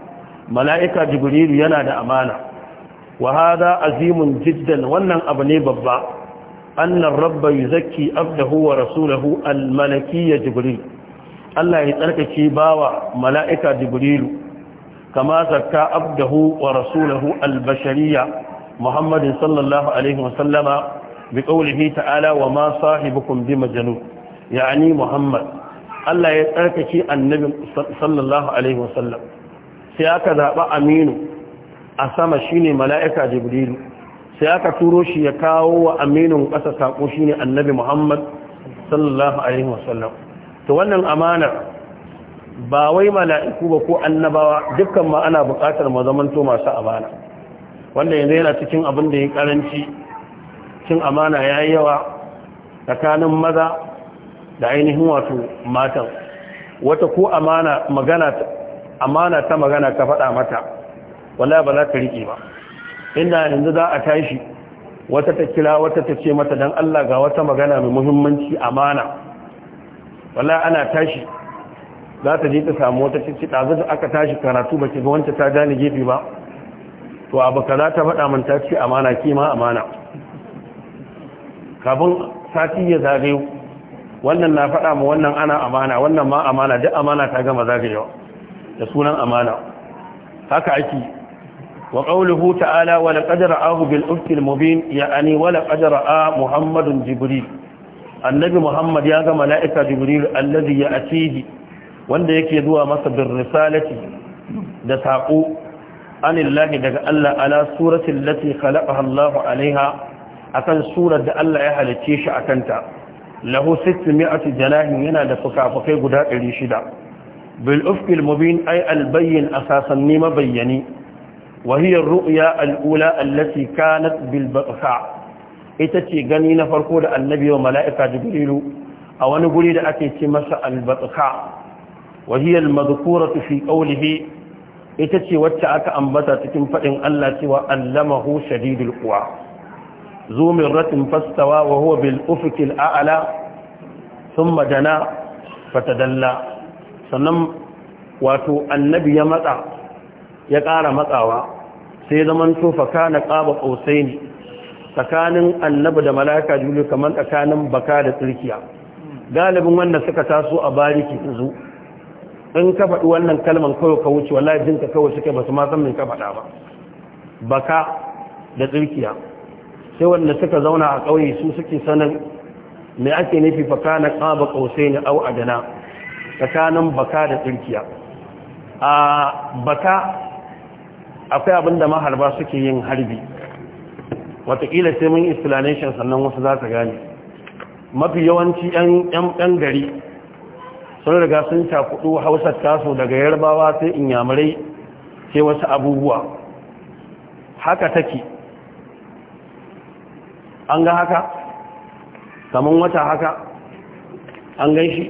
mala'ika jibirin yana da amana wa hada azimun jiddan wannan abu ne babba annar rabba zaki abdahu wa rasulahu almalakiyya jibril Allah ya tsarkake bawa mala'ika jibrilu kama zakka abdahu wa rasulahu albashariya muhammadin sallallahu alaihi wa sallama bi qawlihi ta'ala wa ma sahibukum bi majnun yani muhammad Allah ya tsarkake annabi alaihi wa sallam sai aka zaba aminu a sama shine mala'ika jibrilu sai aka turo shi ya kawo wa aminin ƙasa saƙo shine annabi muhammad sallallahu alaihi wasallam ta wannan amana ba wai mala'iku ba ko annabawa dukkan ma ana buƙatar mu masu amana wanda yanzu yana cikin abin da ya karanci cin amana ya yi yawa tsakanin maza da ainihin wato matan wata ko amana ta magana ka faɗa mata wala ba za ka riƙe ba inda yanzu za a tashi wata ta kira wata ta ce mata don Allah ga wata magana mai muhimmanci amana wala ana tashi za ta je ta samu wata cikin ɗazu da aka tashi karatu ba ki ga wancan ta jani gefe ba to abu ka za ta faɗa min ta ce amana ke ma amana kafin sati ya zagayo wannan na faɗa ma wannan ana amana wannan ma amana duk amana ta gama zagayewa da sunan amana haka ake وقوله تعالى ولقد رآه بالأفك المبين يعني ولقد رآ محمد جبريل النبي محمد يا ملائكة جبريل الذي يأتيه wanda yake zuwa masa bin risalati da saƙo anillahi daga Allah ala suratin lati khalaqaha Allahu alaiha akan surar da Allah ya halicce shi akanta lahu 600 janahin yana da fukafukai guda 600 bil ufqil mubin ay al bayyin asasan ni وهي الرؤيا الأولى التي كانت بالبطفاء ita ce gani na farko da annabi wa mala’ika Jibrilu a wani guri da ake ci masa albataka wahiyar mazukura ta fi ita ce wacce aka ambata cikin faɗin Allah cewa allama hu shadidul kuwa zumin ratin fastawa wa huwa bil ufikil a'ala sun majana fatadalla sannan wato annabi ya matsa ya ƙara matsawa sai zaman tofa kana ƙaba ƙosai ne tsakanin annabi da Malaka juli kamar tsakanin baka da tsirkiya galibin wanda suka taso a bariki zu in ka faɗi wannan kalman kawai ka wuce wallahi jinka kawai suke ba su ma mai ka faɗa ba baka da tsirkiya sai wanda suka zauna a ƙauye su suke sanin me ake nufi faka na ƙaba ƙosai ne au adana tsakanin baka da tsirkiya a baka akwai abin da maharba suke yin harbi Wataƙila sai mun explanation sannan wasu za ta gane mafi yawanci 'yan gari sun riga sun cakudu Hausa taso daga yarbawa sai inyamurai ke wasu abubuwa haka take an ga haka saman wata haka an gan shi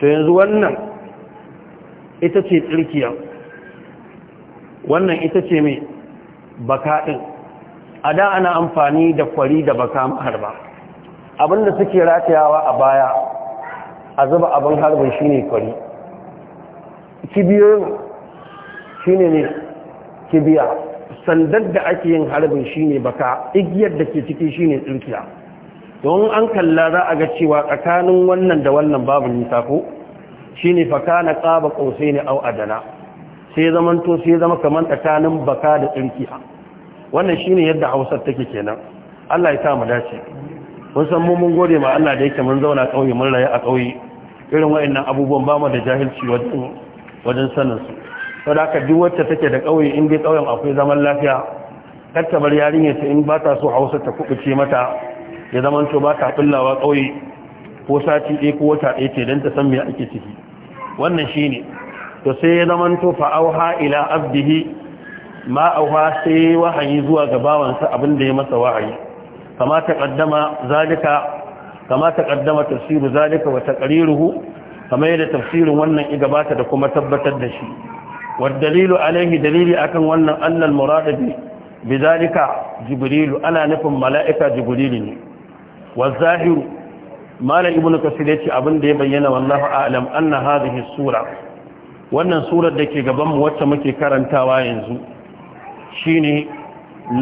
to yanzu wannan ita ce tsirkiyar wannan ita ce mai baka ɗin a da ana amfani da kwari da baka ba abinda suke ratayawa a baya a zuba abin harbin shine kwari kibiyoyin shine ne kibiya sandar da ake yin harbin shine baka igiyar da ke ciki shine tsirkiya don an kalla za a ga cewa tsakanin wannan da wannan babu nisa ko shine faka na tsaba ƙosai ne au adana sai zamanto sai zama kamar tsakanin baka da tsirkiya wannan shine yadda hausar take kenan Allah ya sa mu dace mun san mu mun gode ma Allah da yake mun zauna kauye mun rayu a kauye irin waɗannan abubuwan ba mu da jahilci wajen wajen sanin su saboda haka duk wacce take da kauye in dai kauyen akwai zaman lafiya kar bar yarinya ta in ba ta so hausar ta kubuce mata ya zaman to ba ta kullawa kauye ko sati ɗaya ko wata ɗaya ce dan ta san me ake ciki wannan shine to sai ya zamanto fa ha'ila, ila abdihi ma auha sai wahayi zuwa ga bawansa abin da ya masa wahayi kama ta ƙaddama kama taqaddama tafsiru zalika wa kama yadda tafsirin wannan ya gabata da kuma tabbatar da shi wa dalilu alaihi dalili akan wannan annal muradabi bi zalika jibrilu ana nufin mala'ika jibrilu ne wa zahiru malam ibnu kasir ce abin da ya bayyana wallahu a'lam anna hadhihi sura wannan surar da ke gabanmu wacce muke karantawa yanzu shine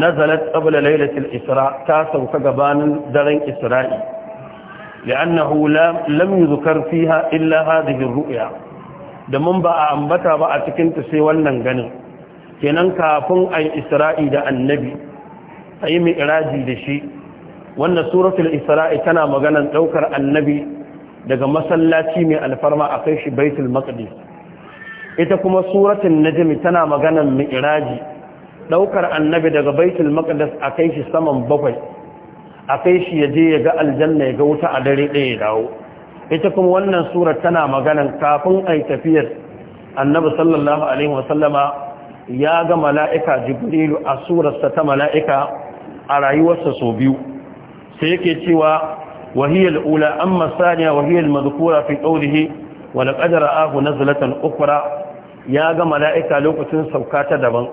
nazalat qabla lailatul isra ta sauka gabanin daren isra'i li'annahu lam yuzkar fiha illa hadhihi ar-ru'ya da mun ba a ambata ba a cikin ta sai wannan ganin kenan kafin ay isra'i da annabi ayi mi'raji da shi wannan suratul isra'i tana maganan daukar annabi daga masallaci mai alfarma a kai shi baitul maqdis ita kuma suratun najmi tana maganan mi'raji daukar annabi daga baitul maqdis akai shi saman bakwai akai shi yaje ya ga aljanna ya ga wuta a dare ɗaya ya dawo ita kuma wannan surar tana maganan kafin ai tafiyar annabi sallallahu alaihi ya ga mala'ika jibrilu a surarsa ta mala'ika a rayuwarsa sau biyu sai yake cewa wahiyar ula amma saniya wahiyar mazkura fi qawlihi wala abu na nazlatan ukura ya ga mala'ika lokacin sauka ta daban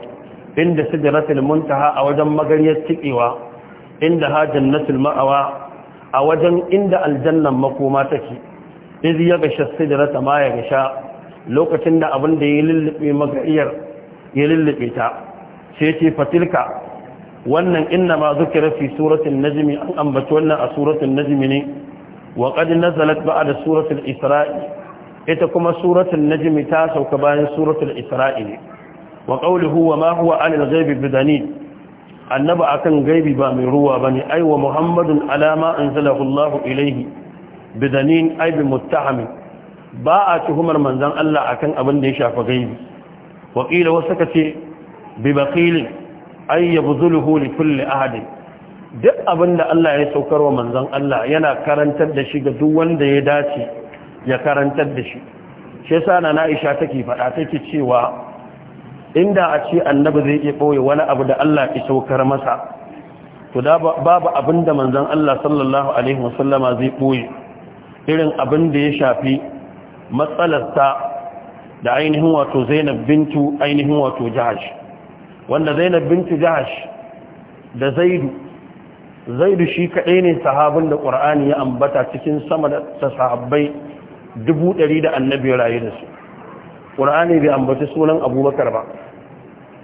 inda sidratul muntaha a wajen magariyar cikewa, inda ha jannatul ma'awa a wajen inda aljannan makoma take iz ya gasha sidrata ma ya gasha lokacin da abin da ya lullube magariyar ya lullube ta sai ce fatilka wannan inna ma zukira fi suratul najmi an ambaci wannan a suratun najmi ne wa qad nazalat da suratul isra'i ita kuma suratul najmi ta sauka bayan suratul isra'il wa qawluhu wa ma huwa 'alal ghaibi annaba akan gaibi ba mai ruwa bane ai wa muhammadun alama anzalahu allah ilayhi bidanin ai bi muttaham ba a tuhumar manzon Allah akan abin da ya shafa gaibi wa qila wasaka ce bi baqil ay yabzuluhu li kulli ahad duk abin da Allah ya saukarwa manzon Allah yana karantar da shi ga duk wanda ya dace ya karantar da shi shi yasa na Aisha take faɗa take cewa inda a ce annabi zai iya boye wani abu da Allah ya saukar masa to da babu abinda manzon Allah sallallahu alaihi wasallama zai boye irin abin da ya shafi matsalarsa da ainihin wato Zainab bintu ainihin wato Jahash wanda Zainab bintu Jahash da Zaidu Zaidu shi kaɗai ne sahabin da Qur'ani ya ambata cikin sama da sahabbai dubu ɗari da annabi ya rayu da su ƙur'ani bai ambaci sunan abubakar ba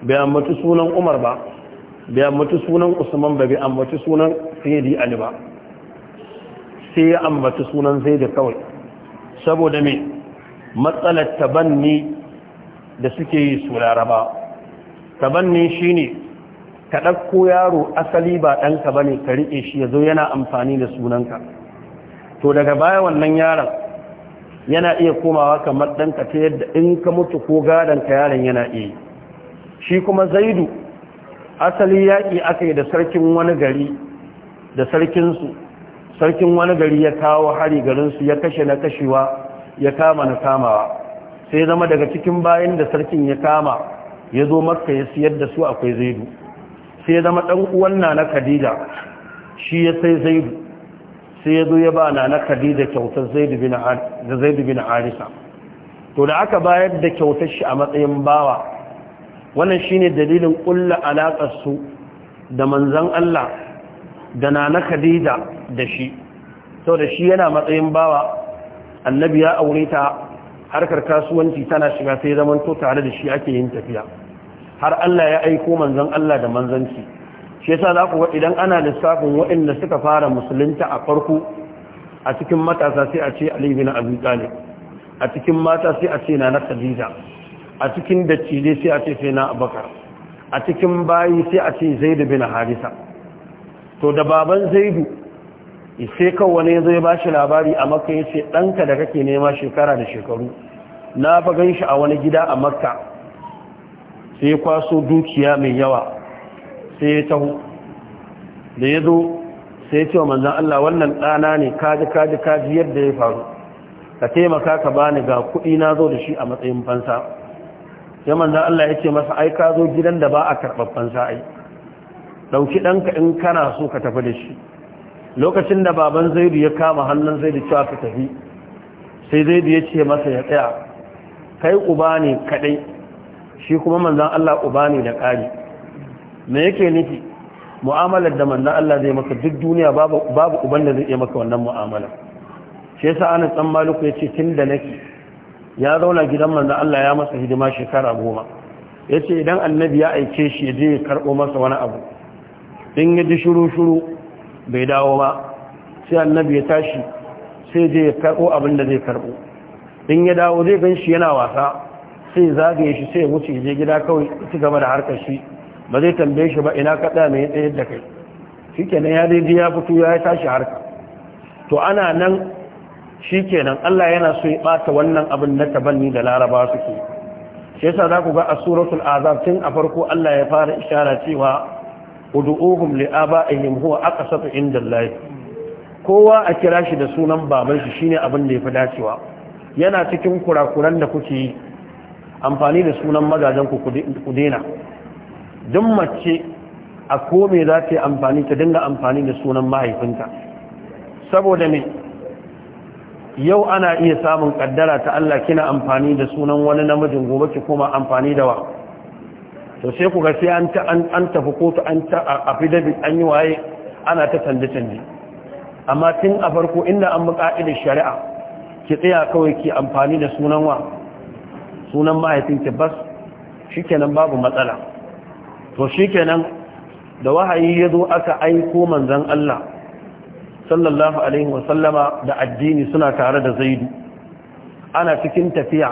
bai ambaci sunan umar ba bai ambaci sunan usman ba bai ambaci sunan sayyidi ali ba sai ya ambaci sunan zai da kawai saboda mai matsalar tabanni da suke yi su laraba tabanni shine ne ɗauko yaro asali ba ɗanka ba ne ka riƙe shi ya zo yana amfani da sunanka to daga baya wannan yaron yana iya komawa kamar ɗanka ta yadda in ka mutu ko gadon ka yaron yana iya shi kuma zaidu asali yaƙi aka yi da sarkin wani gari da sarkinsu sarkin wani gari ya kawo hari garinsu ya kashe na kashewa ya kama na kamawa sai zama daga cikin bayan da sarkin ya kama ya zo makka ya siyar da su akwai zaidu sai zama ɗan uwan na na kadida shi ya sai zaidu sai ya zo ya ba na khadija kyautar zaidu bin harisa to da aka bayar da kyautar shi a matsayin bawa wannan shine dalilin kulla alaƙar su da manzan Allah da nana khadija da shi da shi yana matsayin bawa annabi ya aure ta harkar kasuwanci tana shiga sai zaman to tare da shi ake yin tafiya har Allah ya aiko manzan Allah da manzanci shi yasa za ku ga idan ana lissafin waɗanda suka fara musulunta a farko a cikin matasa sai a ce Ali bin Abi Talib a cikin mata sai a ce na na Khadija a cikin dattijai sai a ce sai na Abubakar a cikin bayi sai a ce Zaid bin Harisa to da baban Zaidu sai kawai ya zo ya bashi labari a Makka yace danka da kake nema shekara da shekaru na fa ganshi a wani gida a Makka sai kwaso dukiya mai yawa sai ya taho da ya zo sai ce wa manzan Allah wannan ɗana ne kaji kaji kaji yadda ya faru ka taimaka ka bani ga kuɗi na zo da shi a matsayin fansa sai manzan Allah ya ce masa ai ka zo gidan da ba a karɓar fansa ai ɗauki ɗanka in kana so ka tafi da shi lokacin da baban zaidu ya kama hannun zaidu cewa ka tafi sai zaidu ya ce masa ya tsaya kai uba ne kaɗai shi kuma manzan Allah uba ne da ƙari me yake nufi mu'amalar da manzan Allah zai maka duk duniya babu uban da zai iya maka wannan mu'amala shi yasa ana san maluku ya ce tun da nake ya zauna gidan manzan Allah ya masa hidima shekara goma yace idan annabi ya aike shi ya je ya karɓo masa wani abu in ya ji shuru-shuru bai dawo ba sai annabi ya tashi sai je ya karɓo abin da zai karbo in ya dawo zai gan shi yana wasa sai zagaye shi sai ya wuce ya je gida kawai ci gaba da harkar shi ba zai tambaye shi ba ina kaɗa mai tsaye da kai shi kenan ya daidai ya fito ya tashi harka to ana nan shi kenan Allah yana so ya ɓata wannan abin na tabanni da laraba suke shi yasa za ku ga a suratul azab tun a farko Allah ya fara ishara cewa ud'uhum li aba'ihim huwa aqsatu inda Allah kowa a kira shi da sunan baban shi shine abin da ya fi dacewa yana cikin kurakuran da kuke amfani da sunan mazajen ku ku daina duk mace a kome za ta yi amfani ta dinga amfani da sunan mahaifinta saboda ne yau ana iya samun kaddara ta Allah kina amfani da sunan wani namijin gobe ki koma amfani da wa to sai ku ga sai an ta an tafi kotu an ta an yi waye ana ta canje canje amma tun a farko inda an bi ka'idar shari'a ki tsaya kawai ki amfani da sunan wa sunan mahaifinki bas shikenan babu matsala to kenan da wahayi ya zo aka aiko manzon Allah sallallahu alaihi wasallama da addini suna tare da zaidu ana cikin tafiya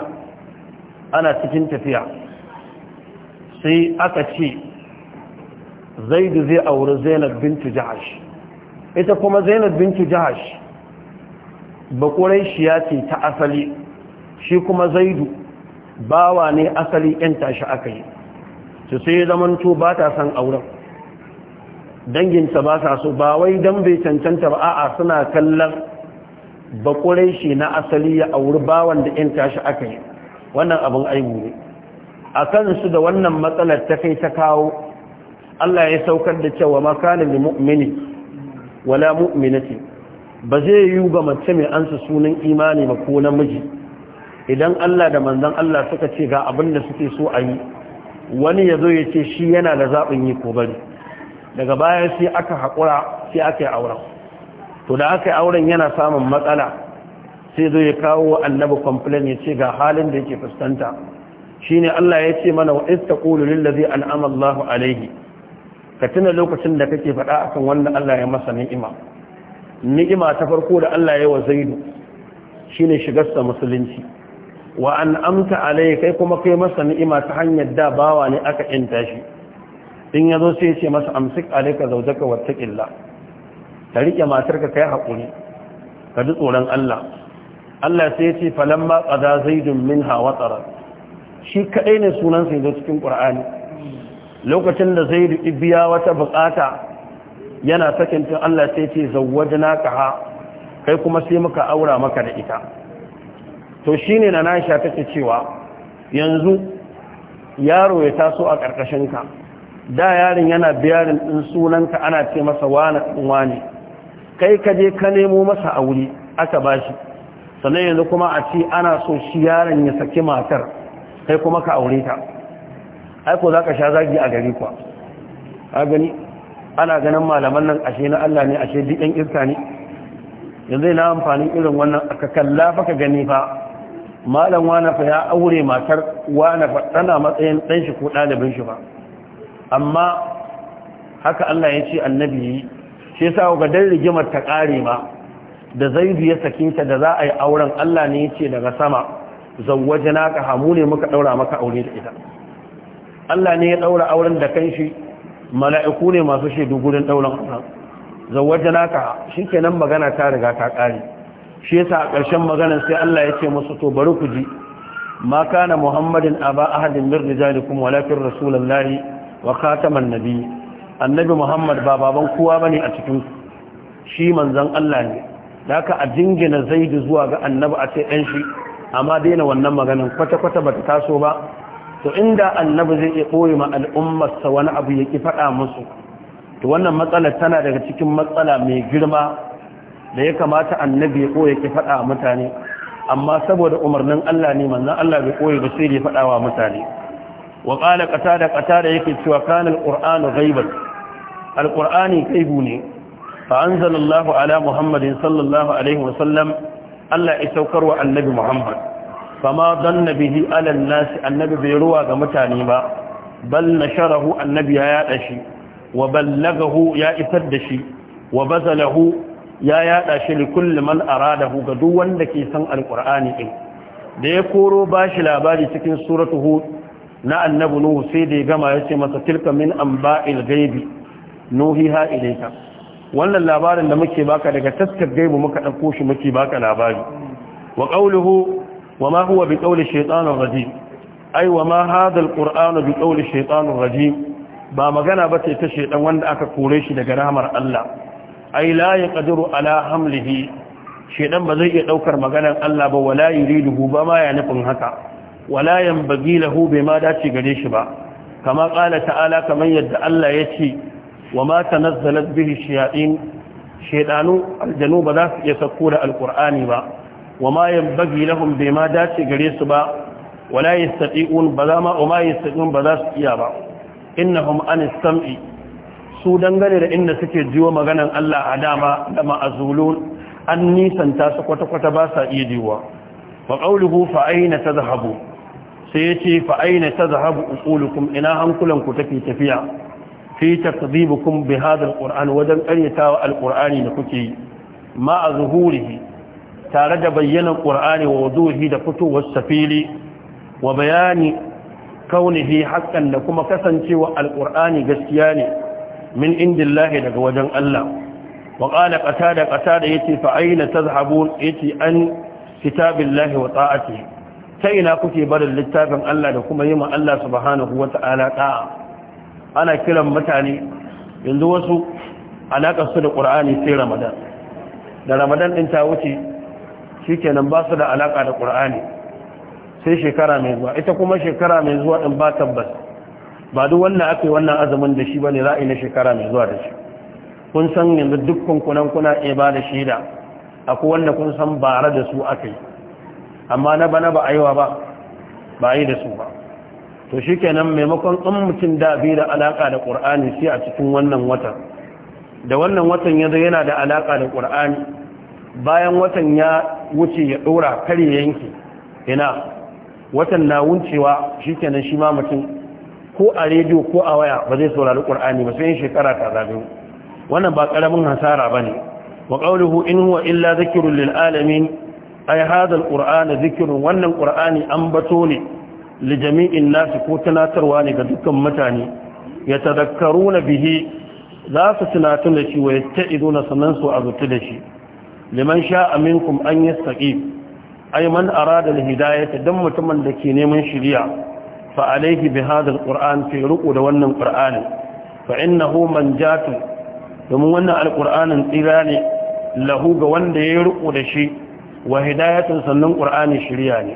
ana cikin tafiya sai aka ce zaidu zai auri zainab bintu jahash ita kuma zainab bintu jahash bakurai shiya ce ta asali shi kuma zaidu bawa ne asali yan tashe aka yi su sai zamanto ba ta san auren danginta ba sa so ba wai dan bai cancanta ba a'a suna kallon bakurai shi na asali ya auri bawan da yan tashi aka yi wannan abin aibu ne a kansu da wannan matsalar ta kai ta kawo Allah ya saukar da cewa makanin mu'mini wala mu'minati ba zai yi ga mace mai ansa sunan imani ba ko namiji idan Allah da manzon Allah suka ce ga abin da suke so a yi wani ya zo ya ce shi yana da zaɓin yi ko bari daga baya sai aka haƙura sai aka yi auren to da aka yi auren yana samun matsala sai zo ya kawo annabi complain ya ce ga halin da yake fuskanta ne Allah ya ce mana wa istaqulu lillazi an'ama Allahu alayhi ka tuna lokacin da kake faɗa akan wanda Allah ya masa ni'ima ni'ima ta farko da Allah ya wa Zaidu shine shigarsa musulunci wa an amta alai kai kuma kai masa ni'ima ta hanyar da bawa ne aka inta shi in ya zo sai ce masa amsik alaika ka wattaqilla ka rike matarka kai hakuri ka ji tsoron Allah Allah sai ce ce falamma qada zaidun hawa watara shi kaɗai ne sunan sai zo cikin Qur'ani lokacin da zaidu ibiya wata bukata yana sakin tun Allah sai ya ce ha kai kuma sai muka aura maka da ita to shi ne na nasha take cewa yanzu yaro ya taso a ƙarƙashin ka da yarin yana biyarin ɗin sunanka ana ce masa wane wane kai ka je ka nemo masa a wuri aka bashi sannan yanzu kuma a ce ana so shi yaron ya saki matar kai kuma ka aure ta aiko za ka sha zagi a gari kuwa a gani ana ganin malaman nan ashe na Allah ne ashe diɗin iska ne yanzu yana amfani irin wannan aka kalla fa ka gani fa malam wanafa fa ya aure matar wani fa tana matsayin ɗan shi ko ɗalibin shi ba amma haka Allah ya ce annabi yi shi yasa ga dan rigimar ta kare ma da zaidu ya sakinta da za a yi auren Allah ne ya ce daga sama zawwaje ka hamu ne muka ɗaura maka aure da ita Allah ne ya ɗaura auren da kanshi mala'iku ne masu shaidu gurin ɗauran auren na naka shi kenan magana ta riga ta ƙare shi yasa a ƙarshen maganar sai Allah ya ce masu to bari ku ji ma kana muhammadin aba ahadin min rijalikum walakin rasulullahi wa khataman nabi annabi muhammad ba baban kowa bane a cikin shi manzon Allah ne haka a jingina zaidu zuwa ga annabi a ce dan shi amma daina wannan maganar kwata kwata bata taso ba to inda annabi zai iya koyi ma al'ummar sa wani abu ya ki faɗa musu to wannan matsalar tana daga cikin matsala mai girma da ya kamata annabi ya koya ki faɗa mutane amma saboda umarnin Allah ne manzon Allah bai koyi ba sai ya faɗa wa mutane wa qala qatada qatada yake cewa kana alqur'anu ghaiban alqur'ani kaibu ne fa anzalallahu ala muhammadin sallallahu alaihi wa sallam Allah ya saukar wa annabi muhammad fama danna bihi ala an-nas annabi bai ruwa ga mutane ba bal nasharahu annabi ya yada shi wa ballagahu ya isar da shi wa bazalahu ya yada shi li kulli man aradahu ga duk wanda ke san alqur'ani din da ya koro bashi labari cikin suratu hud na annabi nuhu sai da ya gama yace masa tilka min anba'il ghaibi nuhiha ilayka wannan labarin da muke baka daga taskar gaibu muka dauko shi muke baka labari wa qawluhu wama huwa bi qawli shaytanir rajim ai wama hadha alqur'anu bi qawli shaytanir rajim ba magana bace ta shaytan wanda aka kore shi daga rahmar Allah ai la yaqdiru ala hamlihi shedan ba zai iya daukar maganar Allah ba wala yuriduhu ba ma ya nufin haka wala yanbaghi lahu ma dace gare shi ba kama qala ta'ala kamar yadda Allah ya ce wa ma tanazzalat bihi shayatin shedanu aljanu ba za su iya sako da alqur'ani ba wa ma yanbaghi lahum ma dace gare su ba wala yastati'un ba za ma ma yastati'un ba za su iya ba innahum an sam'i su dangane da inda suke jiwo maganan Allah a dama da ma'azulun an nisanta su kwata-kwata ba sa iya jiwa wa ƙauluhu fa'aina ta zahabu sai ya ce fa'aina ta zahabu usulukum ina hankulanku take tafiya fi takzibukum bi hadal qur'an wajen ƙaryatawa alqur'ani da kuke yi ma tare da bayyana ƙur'ani wa da fitowar safili wa bayani kaunihi da kuma kasancewa alqur'ani gaskiya ne min indillahi daga wajen Allah wa da qatada da yace fa aina tazhabun yace an kitabillahi wa ta'ati ta ina kuke barin littafin Allah da kuma yi yima Allah subhanahu wa ta'ala ta'a ana kiran mutane yanzu wasu alakar su da qur'ani sai ramadan da ramadan ɗin ta wuce shikenan ba su da alaka da qur'ani sai shekara mai zuwa ita kuma shekara mai zuwa ɗin ba tabbas ba duk wannan aka yi wannan azumin da shi ba ne ra'ayi na shekara mai zuwa da shi kun san yanzu dukkan kunan kuna iya ba da shaida akwai wanda kun san bara da su aka yi amma na bana ba a yi wa ba ba yi da su ba to shi kenan maimakon an mutum da bi da alaƙa da ƙur'ani sai a cikin wannan watan da wannan watan ya zo yana da alaƙa da ƙur'ani bayan watan ya wuce ya ɗora kare yanki ina watan na wuncewa shi kenan shi ma mutum ko a rediyo ko a waya ba zai saurari ƙur'ani ba sai shekara ta zaɓe wannan ba ƙaramin hasara ba ne wa ƙauluhu in huwa illa zikirun lil alamin ai hadal ƙur'ani zikirun wannan ƙur'ani an bato ne li jami'in nasi ko tunatarwa ne ga dukkan mutane ya tadakkaruna bihi za su tunatu da shi wa ya ta'iduna sannan su azutu da shi liman sha'a minkum an yastaqim ay man arada al-hidayata dan mutumin da ke neman shiriya فعليه بهذا القرآن في رقود ون القرآن فإنه من جات يمون القرآن إلاني له دي يرقود شيء وهداية سنن القرآن شرياني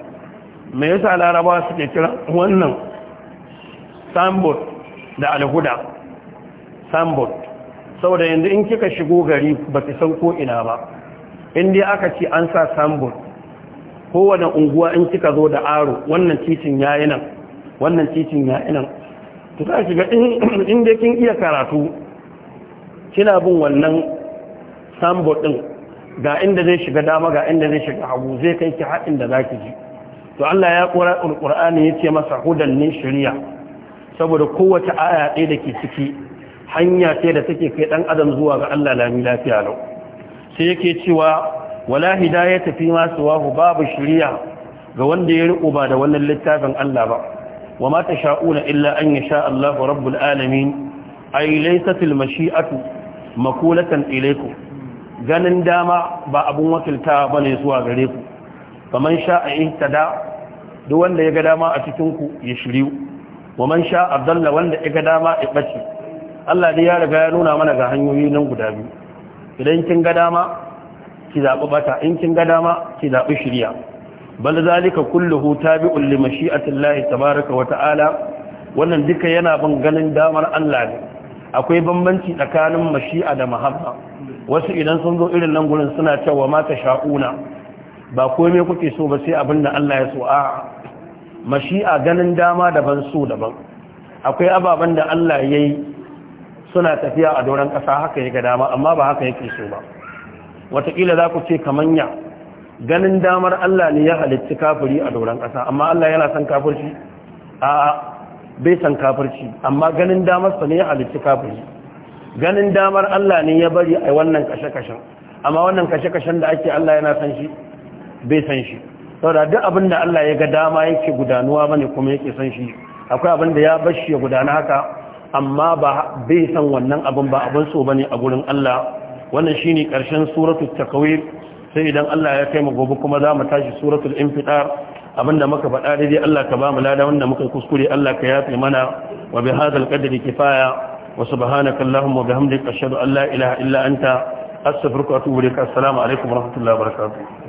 ما يسأل عربا سكتر ون سامبوت دع الهدى sambod سوى دي in شقو غريب gari سوكو ki san ko ina ba inda aka ce an sa sambod kowane unguwa in wannan titin yayi wannan titin ya inan to ta shiga in dai kin iya karatu kina bin wannan sambo din ga inda zai shiga dama ga inda zai shiga hagu zai kai ki haɗin da zaki ji to Allah ya kora ya ce masa hudan ne shari'a saboda kowace aya ɗaya da ke ciki hanya ce da take kai ɗan adam zuwa ga Allah lami lafiya lau sai yake cewa wala hidayata tafi ma suwahu babu shari'a ga wanda ya riƙo ba da wannan littafin Allah ba wa mata sha'una illa an yasha Allah rabbul alamin ay laysatil mashi'atu makulatan ilaykum ganin dama ba abun wakilta ne zuwa gare ku Kamar sha'a da duk wanda ya ga dama a cikin ya shiryu wa man sha'a dalla wanda ya ga dama ya ɓace. Allah dai ya riga ya nuna mana ga hanyoyi nan guda biyu idan kin ga dama ki zaɓi bata in kin ga dama ki zaɓi shirya bal zalika kulluhu tabi'un li mashi'atillahi tabaaraka wa ta'ala wannan duka yana ban ganin damar Allah ne akwai bambanci tsakanin mashi'a da mahabba wasu idan sun zo irin nan gurin suna cewa mata sha'una ba komai kuke so ba sai abinda Allah ya so a mashi'a ganin dama daban so daban akwai ababen da Allah yayi suna tafiya a doron ƙasa haka yake dama amma ba haka yake so ba wataƙila za ku ce kamanya ganin damar Allah ne ya halicci kafiri a doron ƙasa amma Allah yana san kafirci a bai san kafirci amma ganin damar sa ne ya halicci kafiri ganin damar Allah ne ya bari a wannan kashe-kashen amma wannan kashe-kashen da ake Allah yana san shi bai san shi saboda duk abin da Allah ya ga dama yake gudanuwa bane kuma yake san shi akwai abin da ya bashi ya gudana haka amma ba bai san wannan abin ba abin so bane a gurin Allah wannan shine karshen suratul takwir sai idan Allah ya kai mu gobe kuma za mu tashi suratul infitar abinda muka faɗa daidai Allah ka ba mu lada wanda muka kuskure Allah ka yafe mana wa bi hadzal qadri kifaya wa subhanaka allahumma wa bihamdika ashhadu an la ilaha illa anta astaghfiruka wa atubu ilaik assalamu alaikum wa rahmatullahi wa barakatuh